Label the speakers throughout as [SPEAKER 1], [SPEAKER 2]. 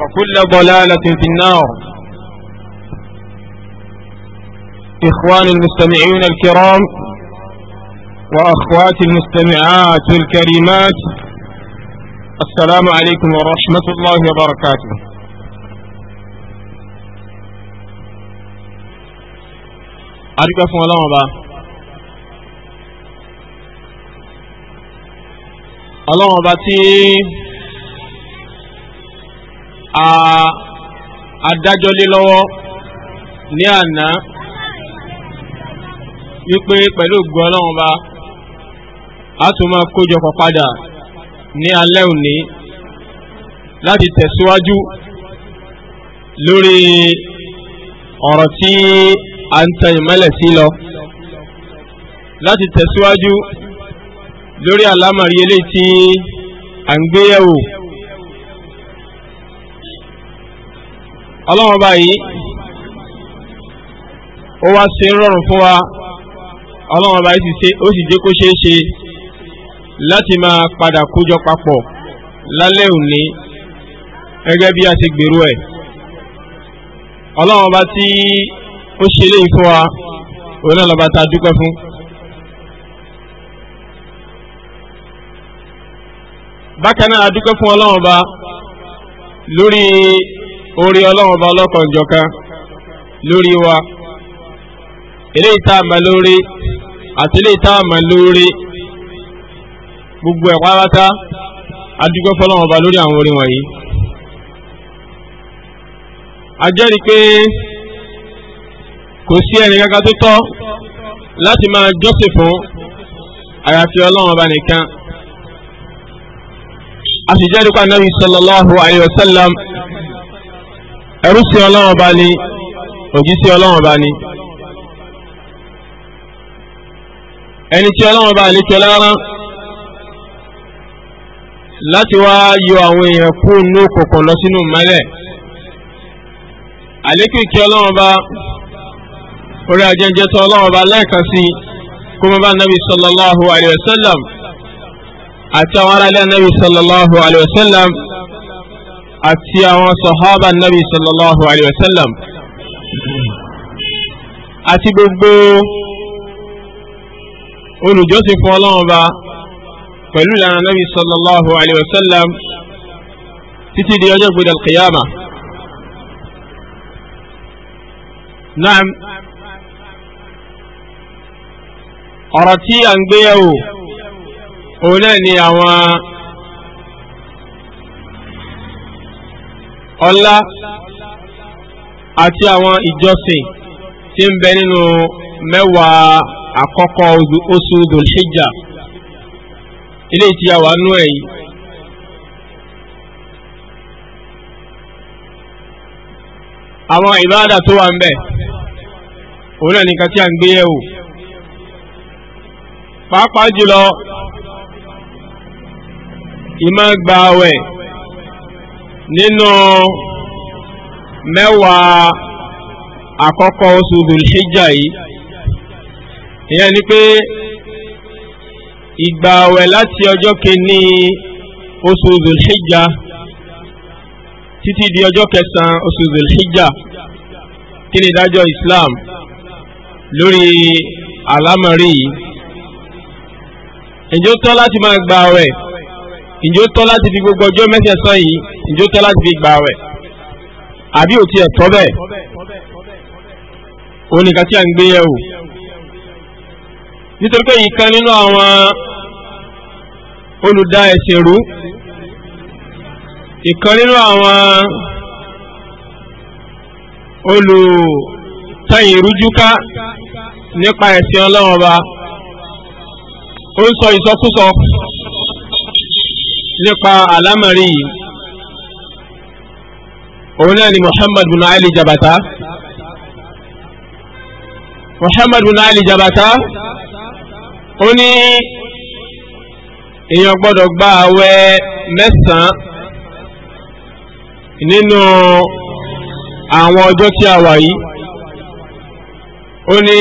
[SPEAKER 1] وكل ضلالة في النار إخواني المستمعين الكرام وأخواتي المستمعات الكريمات السلام عليكم ورحمة الله وبركاته أرجو fún الله أبا الله أبا تي adájọ́ lé lọ́wọ́ ní àná wípé pẹ̀lú ògùn ọlọ́run bá a tún máa kójọpọ̀ padà ní alẹ́ òní láti tẹ̀síwájú lórí ọ̀rọ̀ tí a ń tẹ ìmọ́lẹ̀ sí lọ láti tẹ̀síwájú lórí àlámọ̀rí eléyìí tí à ń gbéyẹ̀wò. ọlọ́run báyìí ó wá ṣe rọrùn fún wa ọlọ́run báyìí sì ṣe ó sì jẹ́ kó ṣeé ṣe láti máa padà kójọ papọ̀ lálẹ́ òní gẹ́gẹ́ bí a ti gbèrú ẹ̀ ọlọ́run bá tí ó ṣe léyìí fún wa òun náà lọ́ba tá dúpẹ́ fún. bákan náà a dúpẹ́ fún ọlọ́run bá lórí orí ọlọ́run bá ọlọ́kan jọ̀kan lórí wa eléyìí tá a mọ̀ lórí àti eléyìí tá a mọ̀ lórí gbogbo ẹ̀ pátá adúgbò fọlọ́run ọba lórí àwọn orin wọ̀nyí. a jẹ́rìí pé kò sí ẹni kankan tó tọ́ láti máa jọ́sìn fún àyàfi ọlọ́run ọba nìkan a sì jẹ́rìí pé anabi sallallahu alayhi wa sallam ẹrú sí ọlọ́wọ́n bá ní òjì sí ọlọ́wọ́n bá ní ẹni tí ọlọ́wọ́n bá ní tọ́ lára láti wá yọ àwọn èèyàn kú ní òkùnkùn lọ sínú mọ́lẹ̀ àlékún kí ọlọ́wọ́n bá orí ajẹ́jẹ́ tọ́ ọlọ́wọ́n bá lẹ́ẹ̀kan sí kó mọ́ bá nàbì sallallahu alayhi wa sallam àti àwọn aráàlú nàbì sallallahu alayhi wa sallam àti àwọn sọ̀hábà nàbì sallallahu alayhi wa sallam àti gbogbo olùjọ́sìn fún ọlọ́run ọba pẹ̀lú ìlànà nàbì sallallahu alayhi wa sallam títí di ọjọ́ gbọdọ̀ alqiyama. Naam ọ̀rọ̀ tí à ń gbéyàwó òun náà ni àwọn. ọlá àti àwọn ìjọsìn tí ń bẹ nínú mẹ́wàá àkọ́kọ́ oṣù dòlhíjà ilé tí a wà nú ẹ̀ yìí. àwọn ìbáàdà tó wà ń bẹ òun náà nìkan tí a ń gbé yẹ̀wò pàápàá jùlọ ìmọ̀ gbààwẹ̀ nínú mẹ́wàá àkọ́kọ́ oṣù zulhijja yìí ìyẹn ni pé ìgbà àwẹ̀ láti ọjọ́ kìíní oṣù zulhijja títí di ọjọ́ kẹsàn-án oṣù zulhijja kí ni ìdájọ́ Islam lórí àlámọ̀rí yìí ǹjẹ́ ó tọ́ láti máa gba àwẹ̀ ǹjẹ́ tọ́ láti fi gbogbo ọjọ́ mẹ́sẹ̀ẹ̀sán yìí ǹjẹ́ ó tọ́ láti fi gbà wẹ̀ àbí ò tiẹ̀ tọ́ bẹ́ẹ̀ òun nìkan tí a ń gbé yẹ̀ wò nítorí pé ìkan nínú àwọn olùdá ẹ̀sìn rú ìkan nínú àwọn olùtẹ̀yìn rújúká nípa ẹ̀sìn ọlọ́run ọba ó ń sọ ìsọkúsọ nípa àlámọ̀rí yìí òun náà ni Muhammad bin Ali Jabata Muhammad bin Ali Jabata ó ní èèyàn gbọ́dọ̀ gba àwẹ̀ mẹ́sàn-án nínú àwọn ọjọ́ tí a wà yìí ó ní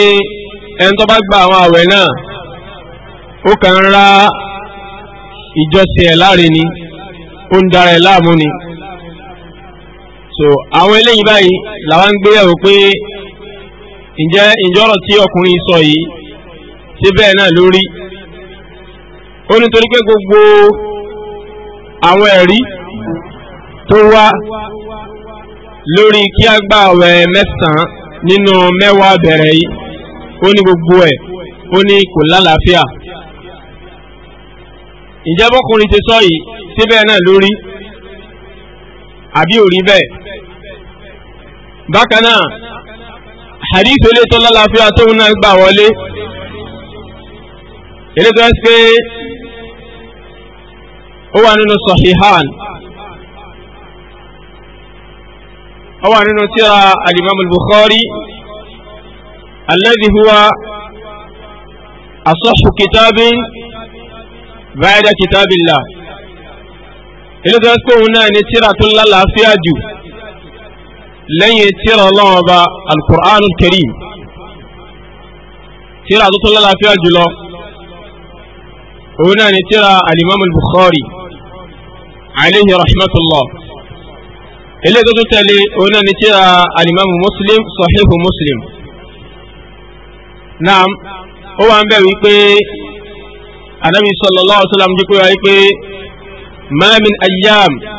[SPEAKER 1] ẹni tó bá gba àwọn àwẹ̀ náà ó kàn ń ra ìjọsìn ẹ̀ láre ni ó ń dara ẹ̀ láàmú ni so àwọn eléyìí báyìí làwọn ń gbéyàwó pé ǹjẹ́ ìjọ́rọ̀ tí ọkùnrin sọ yìí ṣe bẹ́ẹ̀ náà lórí ó nítorí pé gbogbo àwọn ẹ̀rí tó wá lórí kí a gba àwẹ̀ mẹ́sàn-án nínú mẹ́wàá bẹ̀rẹ̀ yìí ó ní gbogbo ẹ̀ ó ní kò lálàáfíà ǹjẹ́ ti sọ yìí ṣe bẹ́ẹ̀ náà lórí àbí ò rí bẹ́ẹ̀. bákan náà hadith ilé tó lálàáfíà tóun náà gbà wọlé ilé tó ṣe ó wà nínú sahihan ó wà nínú tírà alimami bukhari alladhi huwa asahhu kitabin ba'da kitabillah ilé tó yẹ pé òun náà ní tírà tó lálàáfíà jù. lẹ́yìn tíra ọlọ́run ọba alukur'anu karim tíra tó tó lálàáfíà jùlọ òun náà ni tíra alimami bukhari alayhi rahmatullah eléyìí tó tó tẹ̀lé òun náà ni tíra alimami muslim sahihu muslim naam ó wà ń bẹ̀ wípé anabi sallallahu alayhi wa sallam jí pé wáyé pé ma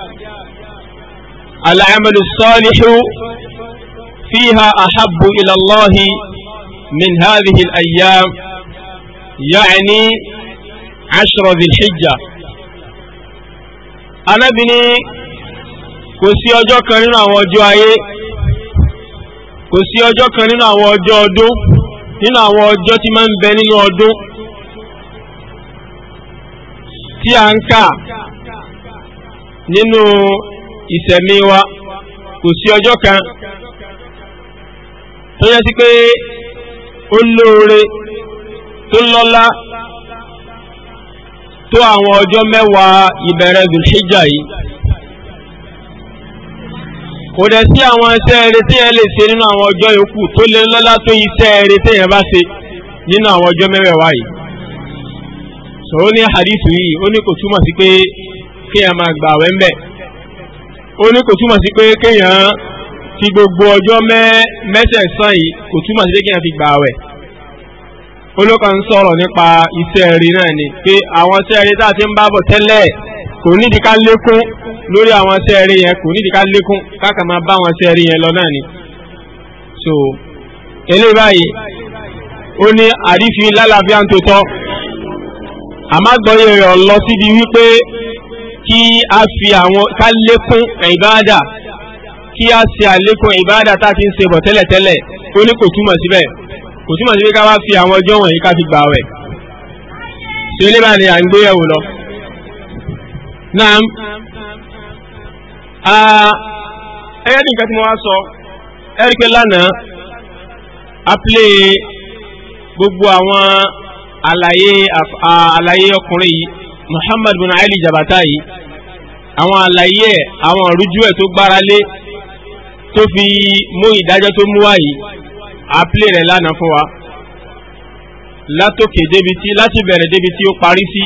[SPEAKER 1] العمل الصالح فيها أحب إلى الله من هذه الأيام يعني عشر ذي الحجة أنا بني كسي أجو كنين أوجو أي كسي أجو كنين أوجو أدو nínú àwọn ọjọ́ tí máa ń bẹ ìsẹ̀mí wa kò sí ọjọ́ kan tó yẹ sí pé ó lóore tó lọ́lá tó àwọn ọjọ́ mẹ́wàá ìbẹ̀rẹ̀ dùnṣíjà yìí kò dẹ̀ sí àwọn iṣẹ́ eré tí ẹ lè ṣe nínú àwọn ọjọ́ yòókù tó lè lọ́lá tó iṣẹ́ eré tí ẹ bá ṣe nínú àwọn ọjọ́ mẹ́wàá yìí sọ̀rọ̀ ní hadithu yìí ó ní kò túmọ̀ sí pé kí ẹ máa gbà wẹ́ńbẹ́ ó ní kò túmọ̀ sí pé kéèyàn fi gbogbo ọjọ́ mẹ́sẹ̀sán yìí kò túmọ̀ sí pé kéèyàn fi gbà wẹ̀ olókan ń sọ̀rọ̀ nípa iṣẹ́ rí náà ni pé àwọn iṣẹ́ rí tá a ti ń bá bọ̀ tẹ́lẹ̀ kò nídìí ká lékún lórí àwọn iṣẹ́ rí yẹn kò nídìí ká lékún káàkà máa bá àwọn iṣẹ́ rí yẹn lọ náà ni. so eléyìí báyìí ó ní àrífi lálàáfíà ń tòótọ́ àmọ́ àgbọ̀yé rẹ̀ lọ síbi wípé kí a fi àwọn ká lékún ìbáàdà kí a ṣe àlékún ìbáàdà tá a ti ń ṣe bọ̀ tẹ́lẹ̀tẹ́lẹ̀ ó ní kò túmọ̀ síbẹ̀ kò túmọ̀ síbẹ̀ ká wá fi àwọn ọjọ́ wọ̀nyí ká fi gbà wẹ̀ tí ó lébà ni à ń gbé yẹ̀wò lọ. naam ẹyẹ ní nǹkan tí mo wá sọ ẹ pé lánàá a plé gbogbo àwọn àlàyé ọkùnrin yìí Muhammad bin Ali Jabata yìí àwọn àlàyé ẹ̀ àwọn ọ̀rújú ẹ̀ tó gbára lé tó fi mú ìdájọ́ tó mú wá yìí àpilẹ̀ rẹ̀ lánàá fún wa látòkè débi tí láti bẹ̀rẹ̀ débi tí ó parí sí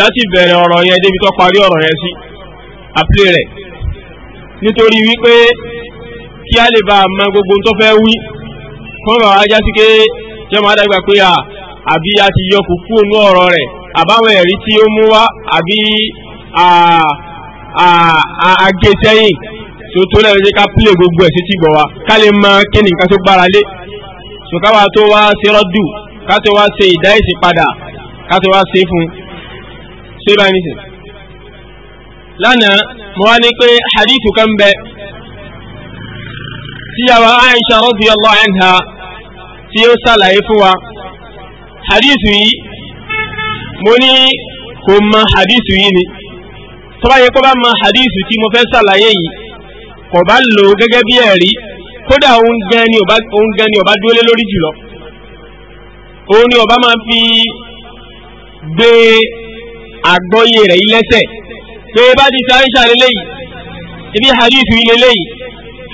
[SPEAKER 1] láti bẹ̀rẹ̀ ọ̀rọ̀ yẹn débi tó parí ọ̀rọ̀ yẹn sí àpilẹ̀ rẹ̀ nítorí wípé kí a lè bá a gbogbo tó fẹ́ wí fún bàbá ajá sí pé jẹ́ àbí a ti yọ kúkú ònú ọ̀rọ̀ rẹ̀ àbáwọn ẹ̀rí tí ó mú wá àbí àgé sẹ́yìn tó tó lẹ́nu jẹ́ ká pílè gbogbo ẹ̀ sí ti gbọ̀ wá ká lè mọ kí ni nǹkan tó gbára lé sùkáwá tó wá ṣe rọ́dù ká tó wá ṣe ìdá padà ká tó wá ṣe fún un ṣé báyìí nìsín. lánàá mo wá ní pé hadithu kan bẹ tíyàwó Aisha radiyallahu anha tí ó ṣàlàyé fún wa hadithu yìí mo ní kò mọ hadithu yìí ni tó bá yẹ kó bá mọ hadithu tí mo fẹ́ ṣàlàyé yìí kò bá lò ó gẹ́gẹ́ bí ẹ̀rí kódà òun gan ni ọba dúró lórí jùlọ òun ni ọba máa fi gbé àgbọ́yé rẹ̀ ilẹ́sẹ̀ pé bá ti ṣe àìṣà lélẹ́yìí ibi hadithu yìí lélẹ́yìí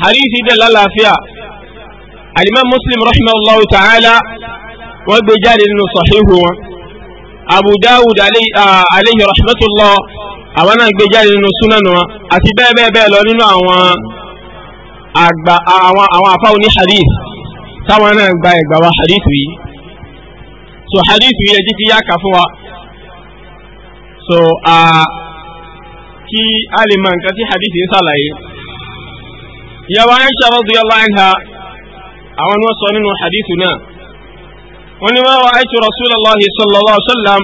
[SPEAKER 1] hadithu yìí dẹ̀ lálàáfíà alimam muslim rahimahullahu ta'ala wọ́n gbé jáde nínú sahihu wọn abu dawud aleyhi ah, rahmatullah àwọn náà gbé jáde nínú súnánù wọn àti bẹ́ẹ̀ bẹ́ẹ̀ bẹ́ẹ̀ lọ nínú àwọn àgbà àwọn àwọn ní hadith táwọn náà gba ẹ̀gbà wa hadith yìí so hadith yìí ẹjí ti yáka fún wa so kí a lè mọ nǹkan tí hadith yìí sàlàyé ìyàwó Aisha radiyallahu anha àwọn ni wọ́n sọ nínú hadith náà onímọ̀ wa aṣọ rasulullahi sallallahu alaihi wa sallam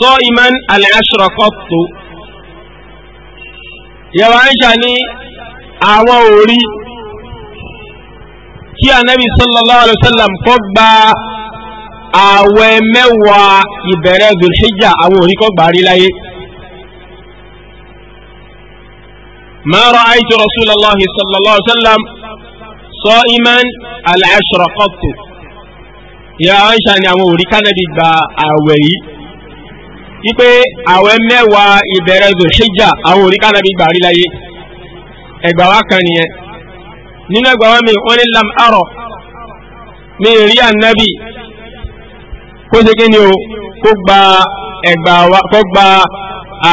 [SPEAKER 1] sọ iman al-ashra qattu yàrá aisha ní àwọn òrí kí anabi sallallahu alaihi wa sallam kọ́ gba àwẹ̀ mẹ́wàá ìbẹ̀rẹ̀ zulhijja àwọn òrí kọ́ gbà rí láyé. ما رأيت رسول الله صلى الله عليه وسلم صائما العشر ìyá Aisha ni àwọn òrí kánẹ́bì gba àwẹ̀ yìí wípé àwẹ̀ mẹ́wàá ìbẹ̀rẹ̀ zòṣíjà àwọn òrí kánẹ́bì gbà rí láyé ẹgbà wa kan nìyẹn nínú ẹgbà wa mi wọ́n ní lam arọ mi rí ànábì kó ṣe kí o kó gba ẹgbà wa kó gba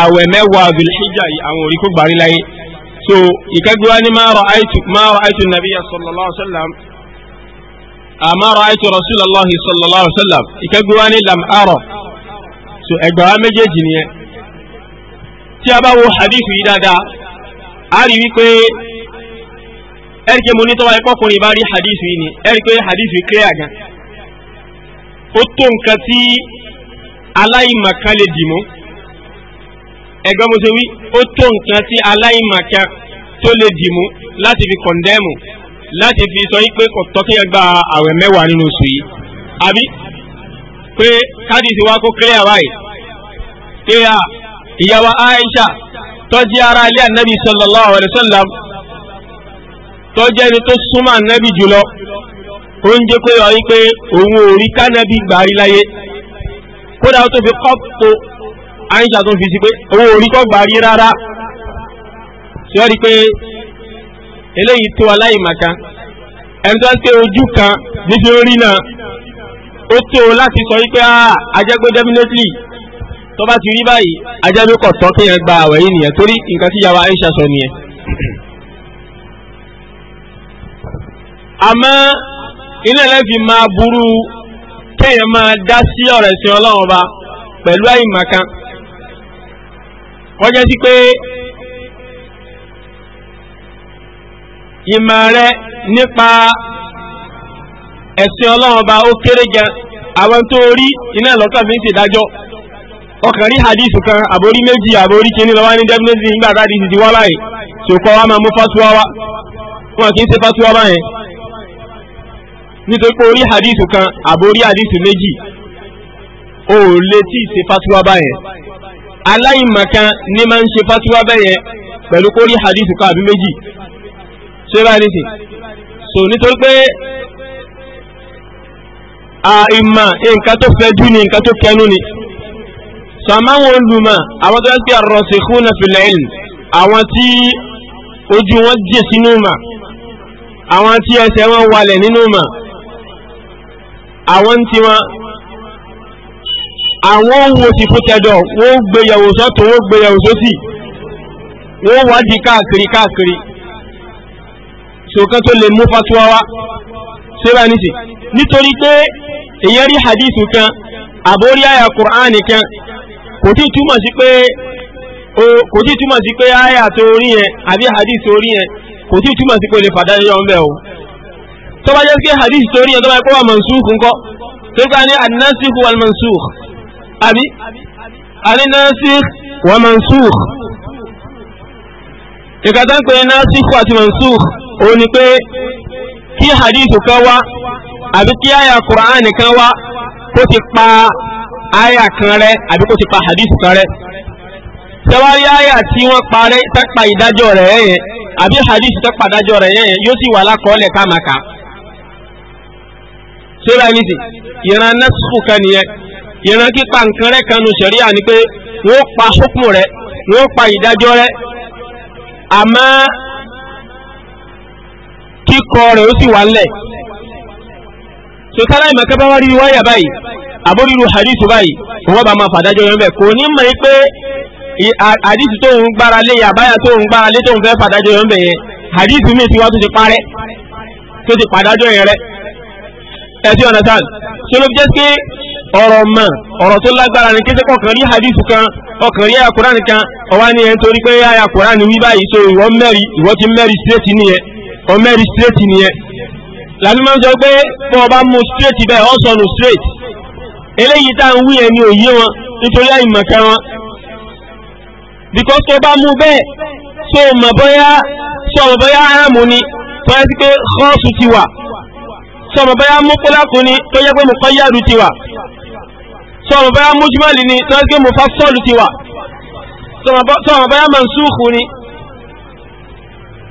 [SPEAKER 1] àwẹ̀ mẹ́wàá zòṣíjà yìí àwọn òrí kó gbà rí láyé so ìkẹgbẹ́ wa ní ma ra'aytu ma ra'aytu nàbíyà sallallahu alaihi wasallam àmọ́ ra'aytu rasulallahi sallallahu alaihi wa sallam ìkẹ́gbẹ́ wa ní lam arọ so ẹgbẹ́ wa méjèèjì nìyẹn tí a bá wo hadith yìí dáadáa a rí wípé ẹ̀rí pé mo ní tọ́wọ́ ẹ̀kọ́kùnrin bá rí hadith yìí ni ẹ̀rí pé hadith yìí clear gan ó tó nǹkan tí aláìmọ̀ká lè dì ẹgbẹ́ mo ṣe wí ó tó nǹkan tí aláìmọ̀ká tó lè dì láti fi kọ̀ndẹ́mù láti fi sọ pé kò tọ́kí ẹgbà àwẹ̀ mẹ́wàá nínú oṣù yìí àbí pé káàdì ti wá kó clear báyìí pé à ìyàwó Aisha tọ́jú ara ilé ànábì sallallahu alaihi wasallam tọ́jú ẹni tó súnmọ́ ànábì jùlọ ó ń jẹ́ pé ọ pé òun ò rí kánábì gbàrí láyé kódà ó tó fi kọ́pù Aisha tó fi sí pé òun ò rí kọ́ gbàrí rárá tí wọ́n pé eléyìí tó aláìmàká ẹni tó ń pé ojú kan níbi orí náà ó tó láti sọ wípé ah, ajẹ́gbẹ́ definitely tó bá ti rí báyìí ajẹ́gbẹ́ kọ̀ tọ́ kéèyàn gba àwẹ̀ yìí nìyẹn torí nǹkan tí yàrá Aisha sọ nìyẹn. àmọ́ ilé ẹlẹ́fì máa burú kéèyàn máa dá sí ọ̀rọ̀ ẹ̀sìn Ọlọ́run ba pẹ̀lú àìmàká kọjá sí pé ìmọ̀ rẹ nípa ẹ̀sìn ọba ó kéré gan àwọn tó rí iná lọ́kàn fi ń ọkàn rí hadith kan àbórí méjì àbórí kìíní lọ́wọ́ ní definitely nígbà tá wá báyìí wa máa mú fatuwa wa wọn kì í ṣe fatuwa báyẹn nítorí pé orí hadith kan àbórí hadith méjì ó lè tí ì ṣe fatuwa báyẹn aláìmọ̀kan ní máa ń ṣe fatuwa pẹ̀lú kan àbí méjì ṣé bá ní sìn so nítorí pé àìmà nǹkan tó fẹjú ni nǹkan tó kẹnu ni so àmáwọn olùmọ̀ àwọn tó yẹ kí ar-rasikhuna fil ilm àwọn tí ojú wọn jẹ́ sínú mà àwọn tí ẹsẹ̀ wọn walẹ̀ nínú mà àwọn tí wọn àwọn wo sì fún tẹ̀dọ̀ wọ́n gbéyàwó sọ́tún wọ́n gbéyàwó sósì wọ́n wádìí káàkiri káàkiri ṣòkan tó lè mú fatuwa wá ṣé bá ní sí nítorí pé èèyàn rí hadith kan àbórí àyà Qur'an kan kò tí túmọ̀ sí pé àyà tó rí yẹn àbí hadith tó rí yẹn kò tí túmọ̀ sí pé olè fàdájọ́ ń bẹ̀ o tó bá jẹ́ pé hadith tó rí yẹn tó bá yẹ kó wà mansukh ńkọ́ tó bá ní an-nasikh wal-mansukh àbí an wal-mansukh nǹkan tó ń pè ní síkú àti mansukh òun ni pé kí hadith kan wá àbí kí àyà Qur'an kan wá kó ti pa àyà kan rẹ àbí kó ti pa hadith kan rẹ sẹwárí àyà tí wọ́n parẹ́ tẹ́pa ìdájọ́ rẹ̀ yẹn àbí hadith tẹ́pa ìdájọ́ rẹ̀ yẹn yóò sì wà lákọọ́lẹ̀ káàmàkà sórí àníṣe ìran nẹ́sùkù kan nìyẹn ìran kípa nǹkan rẹ̀ kanu sẹ̀ríà ni pé wọ́n pa hukmu rẹ̀ wọ́n pa ìdájọ́ rẹ̀ àmọ́ kíkọ rẹ̀ ó sì wà lẹ̀ sọtara ìmọ̀kẹ́ bá wá rí wáyà báyìí àbóríru hadithu báyìí wọ́n bá máa fàdájọ́ yẹn bẹ̀ kò ní mọ̀ pé hadithu tó ń gbára lé àbáyà tó ń gbára lé tó ń fẹ́ fàdájọ́ yẹn bẹ̀ yẹn hadithu mi ti wá tó ti parẹ́ tó ti pàdájọ́ yẹn rẹ̀ ẹ̀sìn ọ̀nà sáà sọlọ́bí jẹ́ pé ọ̀rọ̀ mọ̀ ọ̀rọ̀ tó lágbára ní kété kọkàn rí hadith kan ọkàn rí ayakùránì kan ọwá ní ẹni torí pé ayakùránì wí báyìí so ìwọ mẹ́rin ìwọ ti mẹ́rin straight nìyẹn ọ mẹ́rin straight nìyẹn làbí máa ń sọ pé bọ́ ọba mú straight bẹ́ẹ̀ ọ sọnù straight eléyìí tá à ń wí ẹni òye wọn nítorí àìmọ̀kan wọn because tó bá mú bẹ́ẹ̀ tó mọ̀ bóyá sọ̀rọ̀ bóyá áàmù ni tó yẹ sí pé kọ́ọ̀sù ti wà sọ̀rọ̀ bóyá ni tó yẹ tọ́mọ̀ báyá mújúmọ́lì ni tó ẹgbẹ́ mufassal ti wà tọ́mọ̀ báyá mansukhu ni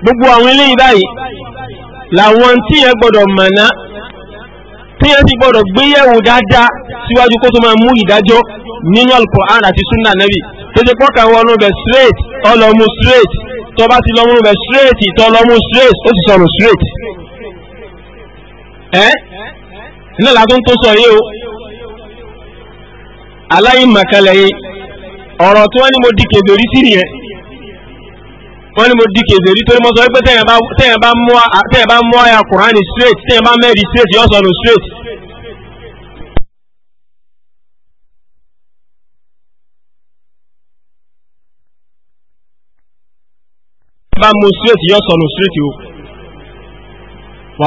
[SPEAKER 1] gbogbo àwọn eléyìí báyìí làwọn tí yẹn gbọ́dọ̀ mọ̀ná tí yẹn ti gbọ́dọ̀ gbéyẹ̀wò dáadáa síwájú kó tó máa mú ìdájọ́ nínú al-Qur'an àti sunna nabi tó ti pọ́kà wọn nù bẹ̀ straight ọlọ́mú straight tó bá ti lọ́mú bẹ̀ straight tó lọ́mú straight ó ti sọ̀rọ̀ straight. ẹ́ iná làtún tó sọ yìí o aláìmọ̀kálẹ̀ yìí ọ̀rọ̀ tí wọ́n ní mo di kèbèrí sí nìyẹn wọ́n ní mo di kèbèrí torí mo sọ pé tẹ́yìn bá mú àyà kùránì straight tẹ́yìn bá mẹ́rin straight yóò sọnù straight. bá mú straight yóò sọnù straight o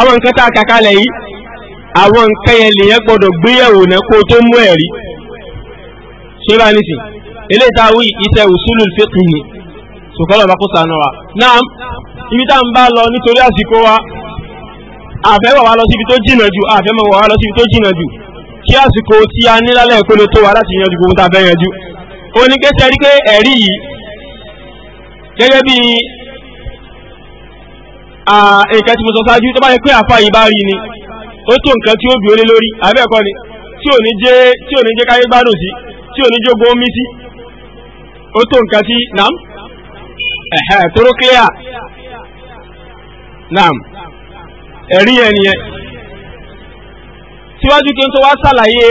[SPEAKER 1] àwọn nǹkan àwọn nǹkan yẹn lèyẹn gbọ́dọ̀ gbéyẹ̀wò náà kó tó mú ẹ̀rí ṣé bá ní sìn eléyìí tá a wí iṣẹ́ usulu fiqh ni sòkòlò bá kó sànù wa náà ibi tá à ń bá lọ nítorí àsìkò wa àfẹ́ wà wá lọ síbi tó jìnà jù àfẹ́ mọ̀ wà wá lọ síbi tó jìnà jù kí àsìkò tí a ní lálẹ́ ìkóló tó wa láti yanjú gbogbo tá a fẹ́ yanjú ó ní kí ẹ rí pé ẹ̀rí yìí gẹ́gẹ́ bí nǹkan tí mo sọ ṣáájú tó bá yẹ pé àfa yìí bá rí ni ó tó nǹkan tí ó bí ó lé lórí abẹ́ẹ̀kọ́ ni tí ò ní jẹ́ tí ò ní jẹ́ káyé gbádùn sí tí ò ní jógun omi sí ó tó nǹkan tí nam ẹ̀hẹ́ tóró kílíà nam ẹ̀rí yẹn nìyẹn síwájú kí n tó wá ṣàlàyé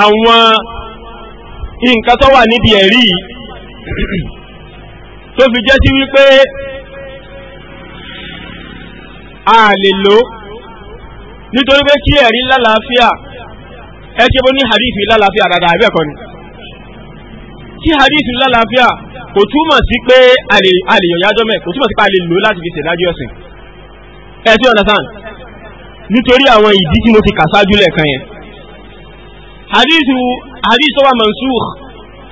[SPEAKER 1] àwọn nǹkan tó wà níbi ẹ̀rí yìí tó fi jẹ́ sí wípé a lè lò nítorí pé kí ẹ̀rí lálàáfíà ẹ ti bó ní hadithi lálàáfíà dáadáa ẹ̀bẹ̀ kọ́ni kí hadithi lálàáfíà kò túmọ̀ sí pé a lè yọ̀yájọ́ mẹ́ kò túmọ̀ sí pé a lè lò láti fi ṣèdájọ́ ẹ̀sìn ẹ ti understand nítorí àwọn ìdí tí mo ti kà sáájú lẹ́ẹ̀kan yẹn hadithu hadith tó wà mansukh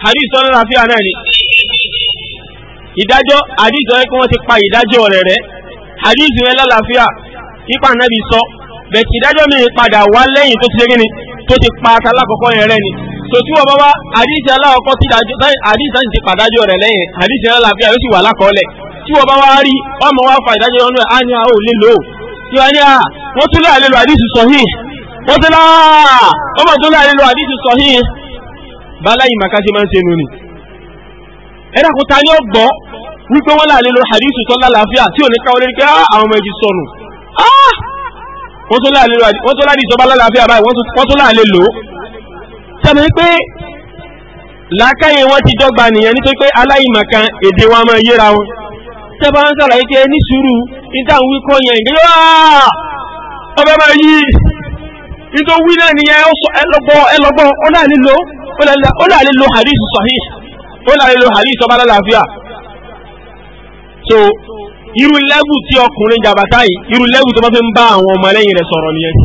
[SPEAKER 1] hadith tó lálàáfíà náà ni ìdájọ́ hadith tó yẹ kí wọ́n ti pa ìdájọ́ rẹ̀ rẹ̀ hadith yẹn lálàáfíà ipa náà bí sọ. So bẹ̀tì ìdájọ́ mi padà wá lẹ́yìn tó ti lérí ni tó ti pa alákọ̀ọ́kọ́ yẹn rẹ̀ ni tó tí wọ́n bá wá àdìsí alákọ̀ọ́kọ́ tí àdìsí ti pàdájọ́ rẹ̀ lẹ́yìn àdìsí aláàfíà yóò sì wà lákọọ́lẹ̀ tí wọ́n bá wá rí ọmọ wa fa ìdájọ́ ọ̀nà á ní a ò lè lò ó tí wọ́n ní a wọ́n tún láà lè lo àdìsí sọ̀hìn wọ́n tún láà ọmọ tún láà lè lo àdìsí sọ̀hìn báláyì màkàtí máa ń ṣe nù ni ẹ̀dá kò ta ni ó gbọ́ wípé wọ́n láà lè lo àdìsí sọ̀hìn tí ò ní káwọ́ lórí pé àwọn ọmọ ẹ̀ sọnù ah, wọ́n tó láàrin ìjọba lálàáfíà báyìí wọ́n tó láàrin lò ó sẹ́mi pé làákàyè wọn ti dọ́gba nìyẹn nítorí pé aláìmọ̀kan èdè wọn máa yéra wọn tẹ́fà ń sàlàyé pé ní sùúrù níta ń wí kọ́ yẹn ìgbé yóò ọbẹ̀ máa yí nítorí wí náà nìyẹn ẹlọgbọ́ ẹlọgbọ́ ó láàrin lò ó láàrin lò hadith sahih ó láàrin lò hadith ọba lálàáfíà so irú lẹ́bù tí ọkùnrin jàbátá yìí irú lẹ́bù tó bá fi ń bá àwọn ọmọlẹ́yìn rẹ̀ sọ̀rọ̀ nìyẹn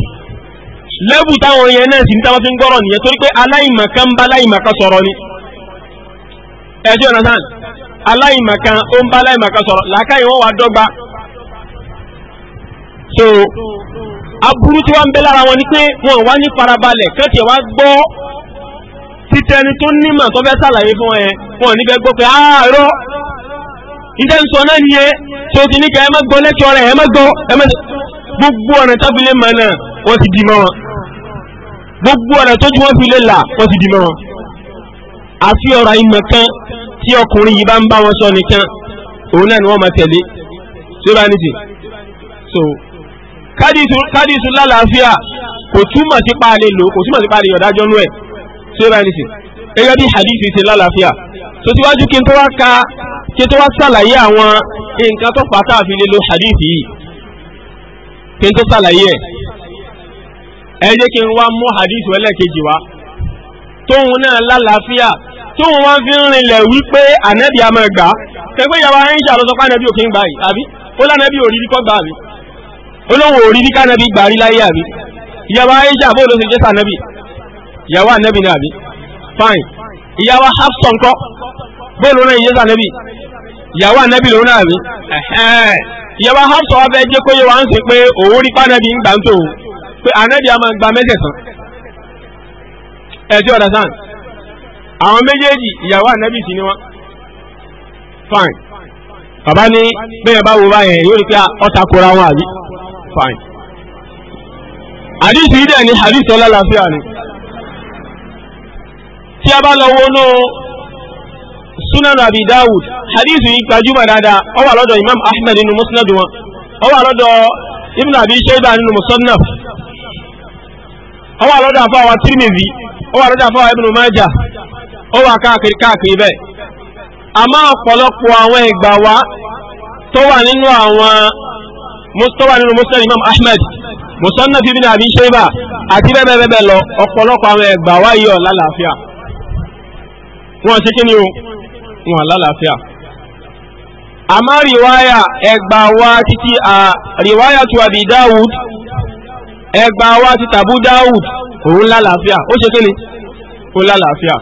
[SPEAKER 1] lẹ́bù táwọn yẹn náà sì ní táwọn fi ń gbọ́rọ̀ nìyẹn torí pé aláìmọ̀kan bá aláìmọ̀kan sọ̀rọ̀ ni ẹjọ́ ọ̀nà sáà aláìmọ̀kan ó ń bá aláìmọ̀kan sọ̀rọ̀ làákàyè wọn wà dọ́gba so aburú tí wọ́n ń bẹ lára wọn ni pé wọn wá ní farabalẹ̀ kẹ́tì wá gbọ́ títẹni tó nímọ̀ tó fẹ́ sàlàyé fún ẹ wọn ò ní fẹ́ gbọ́ pé àárọ̀ ìdá ń sọ náà ni yẹ tó ti ní ká ẹ má gbọ́ lẹ́kọ̀ọ́ rẹ̀ ẹ má gbọ́ ẹ má gbogbo ọ̀nà tábìlẹ̀ mọ̀ náà wọ́n ti di mọ́ wọn gbogbo ọ̀nà tó ju wọ́n fi lè là wọ́n ti di mọ́ wọn. àfi ọ̀rọ̀ ìmọ̀ kan tí ọkùnrin yìí bá ń bá wọn sọ nìkan òun náà ni wọ́n máa tẹ̀lé tí ó bá ní ti. so kádìsù lálàáfíà kò túmọ̀ sí pa àlè lò kò túmọ̀ sí pa àlè yọ̀dájọ́ nú ẹ̀ tí ó bá ní ti. gẹ́gẹ́ bí hadith ti tó síwájú kí n tó wá ka kí n tó wá sàlàyé àwọn nǹkan tó fà tá a fi lè lo hadith yìí kí n tó sàlàyé ẹ ẹ jẹ́ kí n wá mú hadith ẹlẹ́ẹ̀kejì wá tóun náà lálàáfíà tóun wá fi ń rinlẹ̀ wípé ànẹ́bí a máa gbà kẹgbẹ́ ìyàwó ayéńṣà lọ sọ pé ànẹ́bí òkè ń gbà yìí àbí ó lànẹ́bí ò kọ́ gbà mí olóhùn ò rí gbà rí láyé àbí ìyàwó ayéńṣà bó ló ṣe jẹ́ sànẹ́bí ìyàwó ànẹ́bí náà àbí fine ìyàwó Hafsa ńkọ́ bóòlù náà yé sànẹ́bì ìyàwó anabi lòun náà rí ìyàwó hapsọ ọbẹ̀ jẹ́ kó yẹ wá ń sè pé òun rí pánẹ́bì ń gbà ń tòun pé ànẹ́bì a máa gba mẹ́sẹ̀sán ẹ̀sìn ọ̀dà sàn àwọn méjèèjì ni bàbá bẹ́ẹ̀ bá wo báyẹn yóò rí pé wọn àbí àdìsí dẹ̀ ni àdìsí a bá lọ wọnú sunan abi dawud hadith yìí gbajúmọ̀ dáadáa ó wà lọ́dọ̀ imam ahmed nínú musnad wọn ó wà lọ́dọ̀ ibn abi shayba nínú musannaf ó wà lọ́dọ̀ àfọwà tirmidhi ó wà lọ́dọ̀ àfọwà ibn majah ó wà káàkiri káàkiri bẹ́ẹ̀ àmọ́ ọ̀pọ̀lọpọ̀ àwọn ìgbà wa tó wà nínú àwọn tó wà nínú musnad imam ahmed musannaf ibn abi shayba àti bẹ́ẹ̀ bẹ́ẹ̀ bẹ́ẹ̀ lọ ọ̀pọ̀lọpọ̀ àwọn ìgbà wa yìí ọ̀ lálàáfíà wọ́n ṣe kí ni o wọ́n alálàáfíà àmá rìwáyà ẹgbà wa títí à rìwáyà tu àbí dáwùd ẹgbà wa ti tàbú dáwùd òun lálàáfíà ó ṣe kí ni ó lálàáfíà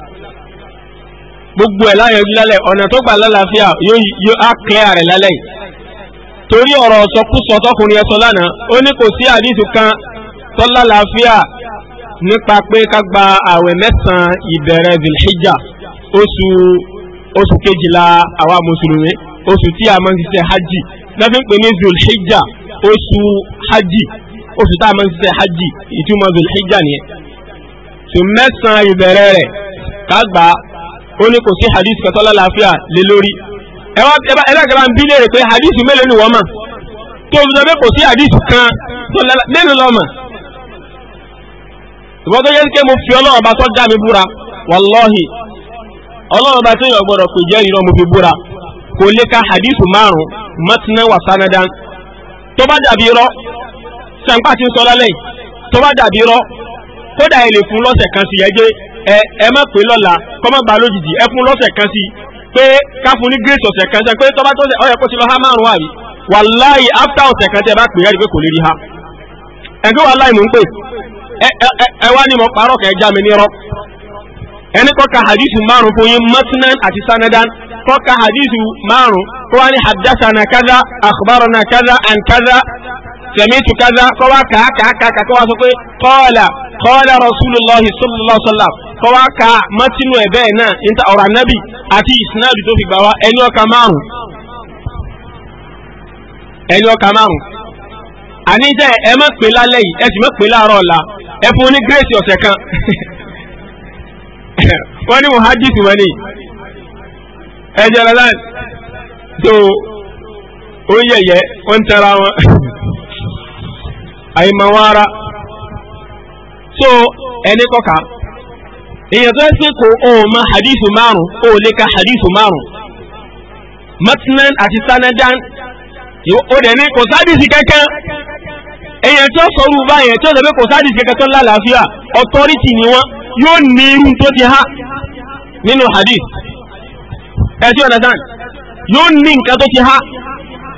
[SPEAKER 1] gbogbo ẹ̀ láyọ̀ lálẹ̀ ọ̀nà tó gbà lálàáfíà yóò á kílẹ̀ rẹ̀ lálẹ̀ torí ọ̀rọ̀ sọkúsọ tọkùnrin ẹ̀sọ́ lánàá ó ní kò sí àdìsù kan tó lálàáfíà nípa pé ká gba àwẹ̀ mẹ́sàn-án ìbẹ̀rẹ̀ zilhijjah osu osu kejìlá àwa mùsùlùmí oṣù tí a máa ń ṣiṣẹ́ hajj lọ́fi ń pè ní osu oṣù hajj oṣù tá a máa ń ṣiṣẹ́ hajj ìtumọ̀ zulhijja nìyẹn. tó mẹ́sàn-án ìbẹ̀rẹ̀ rẹ̀ kágbà ó ní kò sí hadith kan tọ́lá láàfíà lé lórí. ẹ wá ẹ bá ẹ dákẹ́ bá ń bí léèrè pé hadith mélòó ni wọ́n mọ̀ tó o sọ pé kò sí hadith kan tọ́lá mélòó lọ́mọ̀. ìwọ́n tó yẹ kí mo fi ọlọ́run bá tọ́ dá mi búra wàlọ́hì ọlọ́run bá tẹ́yìn ọgbọ́dọ̀ jẹ́ ìran mo fi búra kò lè ka hadithu márùn matnan wa sanadan tó bá dàbí irọ́ sàǹpà ti ń sọ lálẹ́ tó bá dàbí irọ́ kódà ẹ lè fún lọ́sẹ̀ kan sí ẹ ẹ má pè lójijì ẹ fún lọ́sẹ̀ kan sí pé ní grace ọ̀sẹ̀ kan pé lọ ha márùn wà rí wàláì after ọ̀sẹ̀ kan tẹ́ bá pè ẹ́ pé kò lè ha mò ń pè ẹ wá ní mo parọ́ kẹ́ já mi ní ẹni kọ́ka hadithu márùn fún yín matnan àti sanadan kọ́ka hadithu márùn kó wá ní haddathana kaza akhbarana kaza an kaza sami'tu kaza kó wá kàá kàá kàá kó wá sọ pé qala qala rasulillah sallallahu alaihi wa sallam kó wá ka matinu ẹ̀ bẹ́ẹ̀ náà níta ọ̀rọ̀ anabi àti isnadu tó fi gbà wá ẹni ọ̀ka márùn ẹni ọ̀ka márùn àníjẹ́ ẹ má pè lálẹ́ yìí ẹ sì má pè láàárọ̀ ọ̀la ẹ fún ní gírèsì ọ̀sẹ̀ kan wọ́n ní muhadis wọ́n ní ẹ̀jẹ̀ lọ́dán tó ó yẹ̀yẹ́ ó ń tẹ́ra wọn àyèmọ̀wára tó ẹni kọ́ka èèyàn tó ń sè kó òun ma hadith márùn o lè ka hadith márùn matnan àti sanadan ó dẹ̀ ní kò sádìsì kankan èèyàn tó sọ̀rọ̀ báyẹn tó lè pé kò sádìsì kankan tó lálàáfíà authority ni wọ́n yóò ní irú tó ti há nínú hadith ẹ̀sí ọ̀dàdàn yóò ní nǹkan tó ti há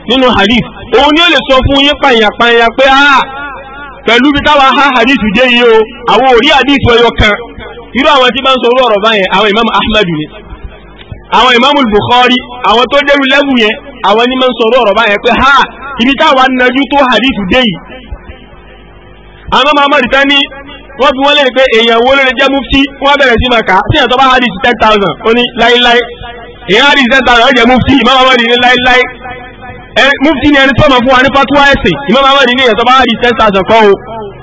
[SPEAKER 1] nínú hadith òun ni ó lè sọ fún yín pàyàpàyà pé a pẹ̀lú bí táwa há hadith jẹ́ yìí o àwọn ò hadith ọyọ kan irú àwọn tí bá ń sọ orú ọ̀rọ̀ báyẹn àwọn imam ahmadu ni àwọn imam bukhari àwọn tó dérú lẹ́wù yẹn àwọn ni máa ń sọ orú ọ̀rọ̀ báyẹn pé ha ibi táwa nájú tó hadith dé yìí àwọn máa mọ̀ wọ́n fi wọ́n lè pé èèyàn wo ló lè jẹ́ mufti wọ́n bẹ̀rẹ̀ sí màkà tí èèyàn tó bá hadith ten thousand ó ní láíláí èèyàn hadith ten thousand ó jẹ́ mufti ìmọ̀ àwọn ènìyàn láíláí mufti ni ẹni tó mọ̀ fún wa ní fatuwa ẹ̀sìn ìmọ̀ àwọn ènìyàn tó bá hadith ten thousand kọ́ o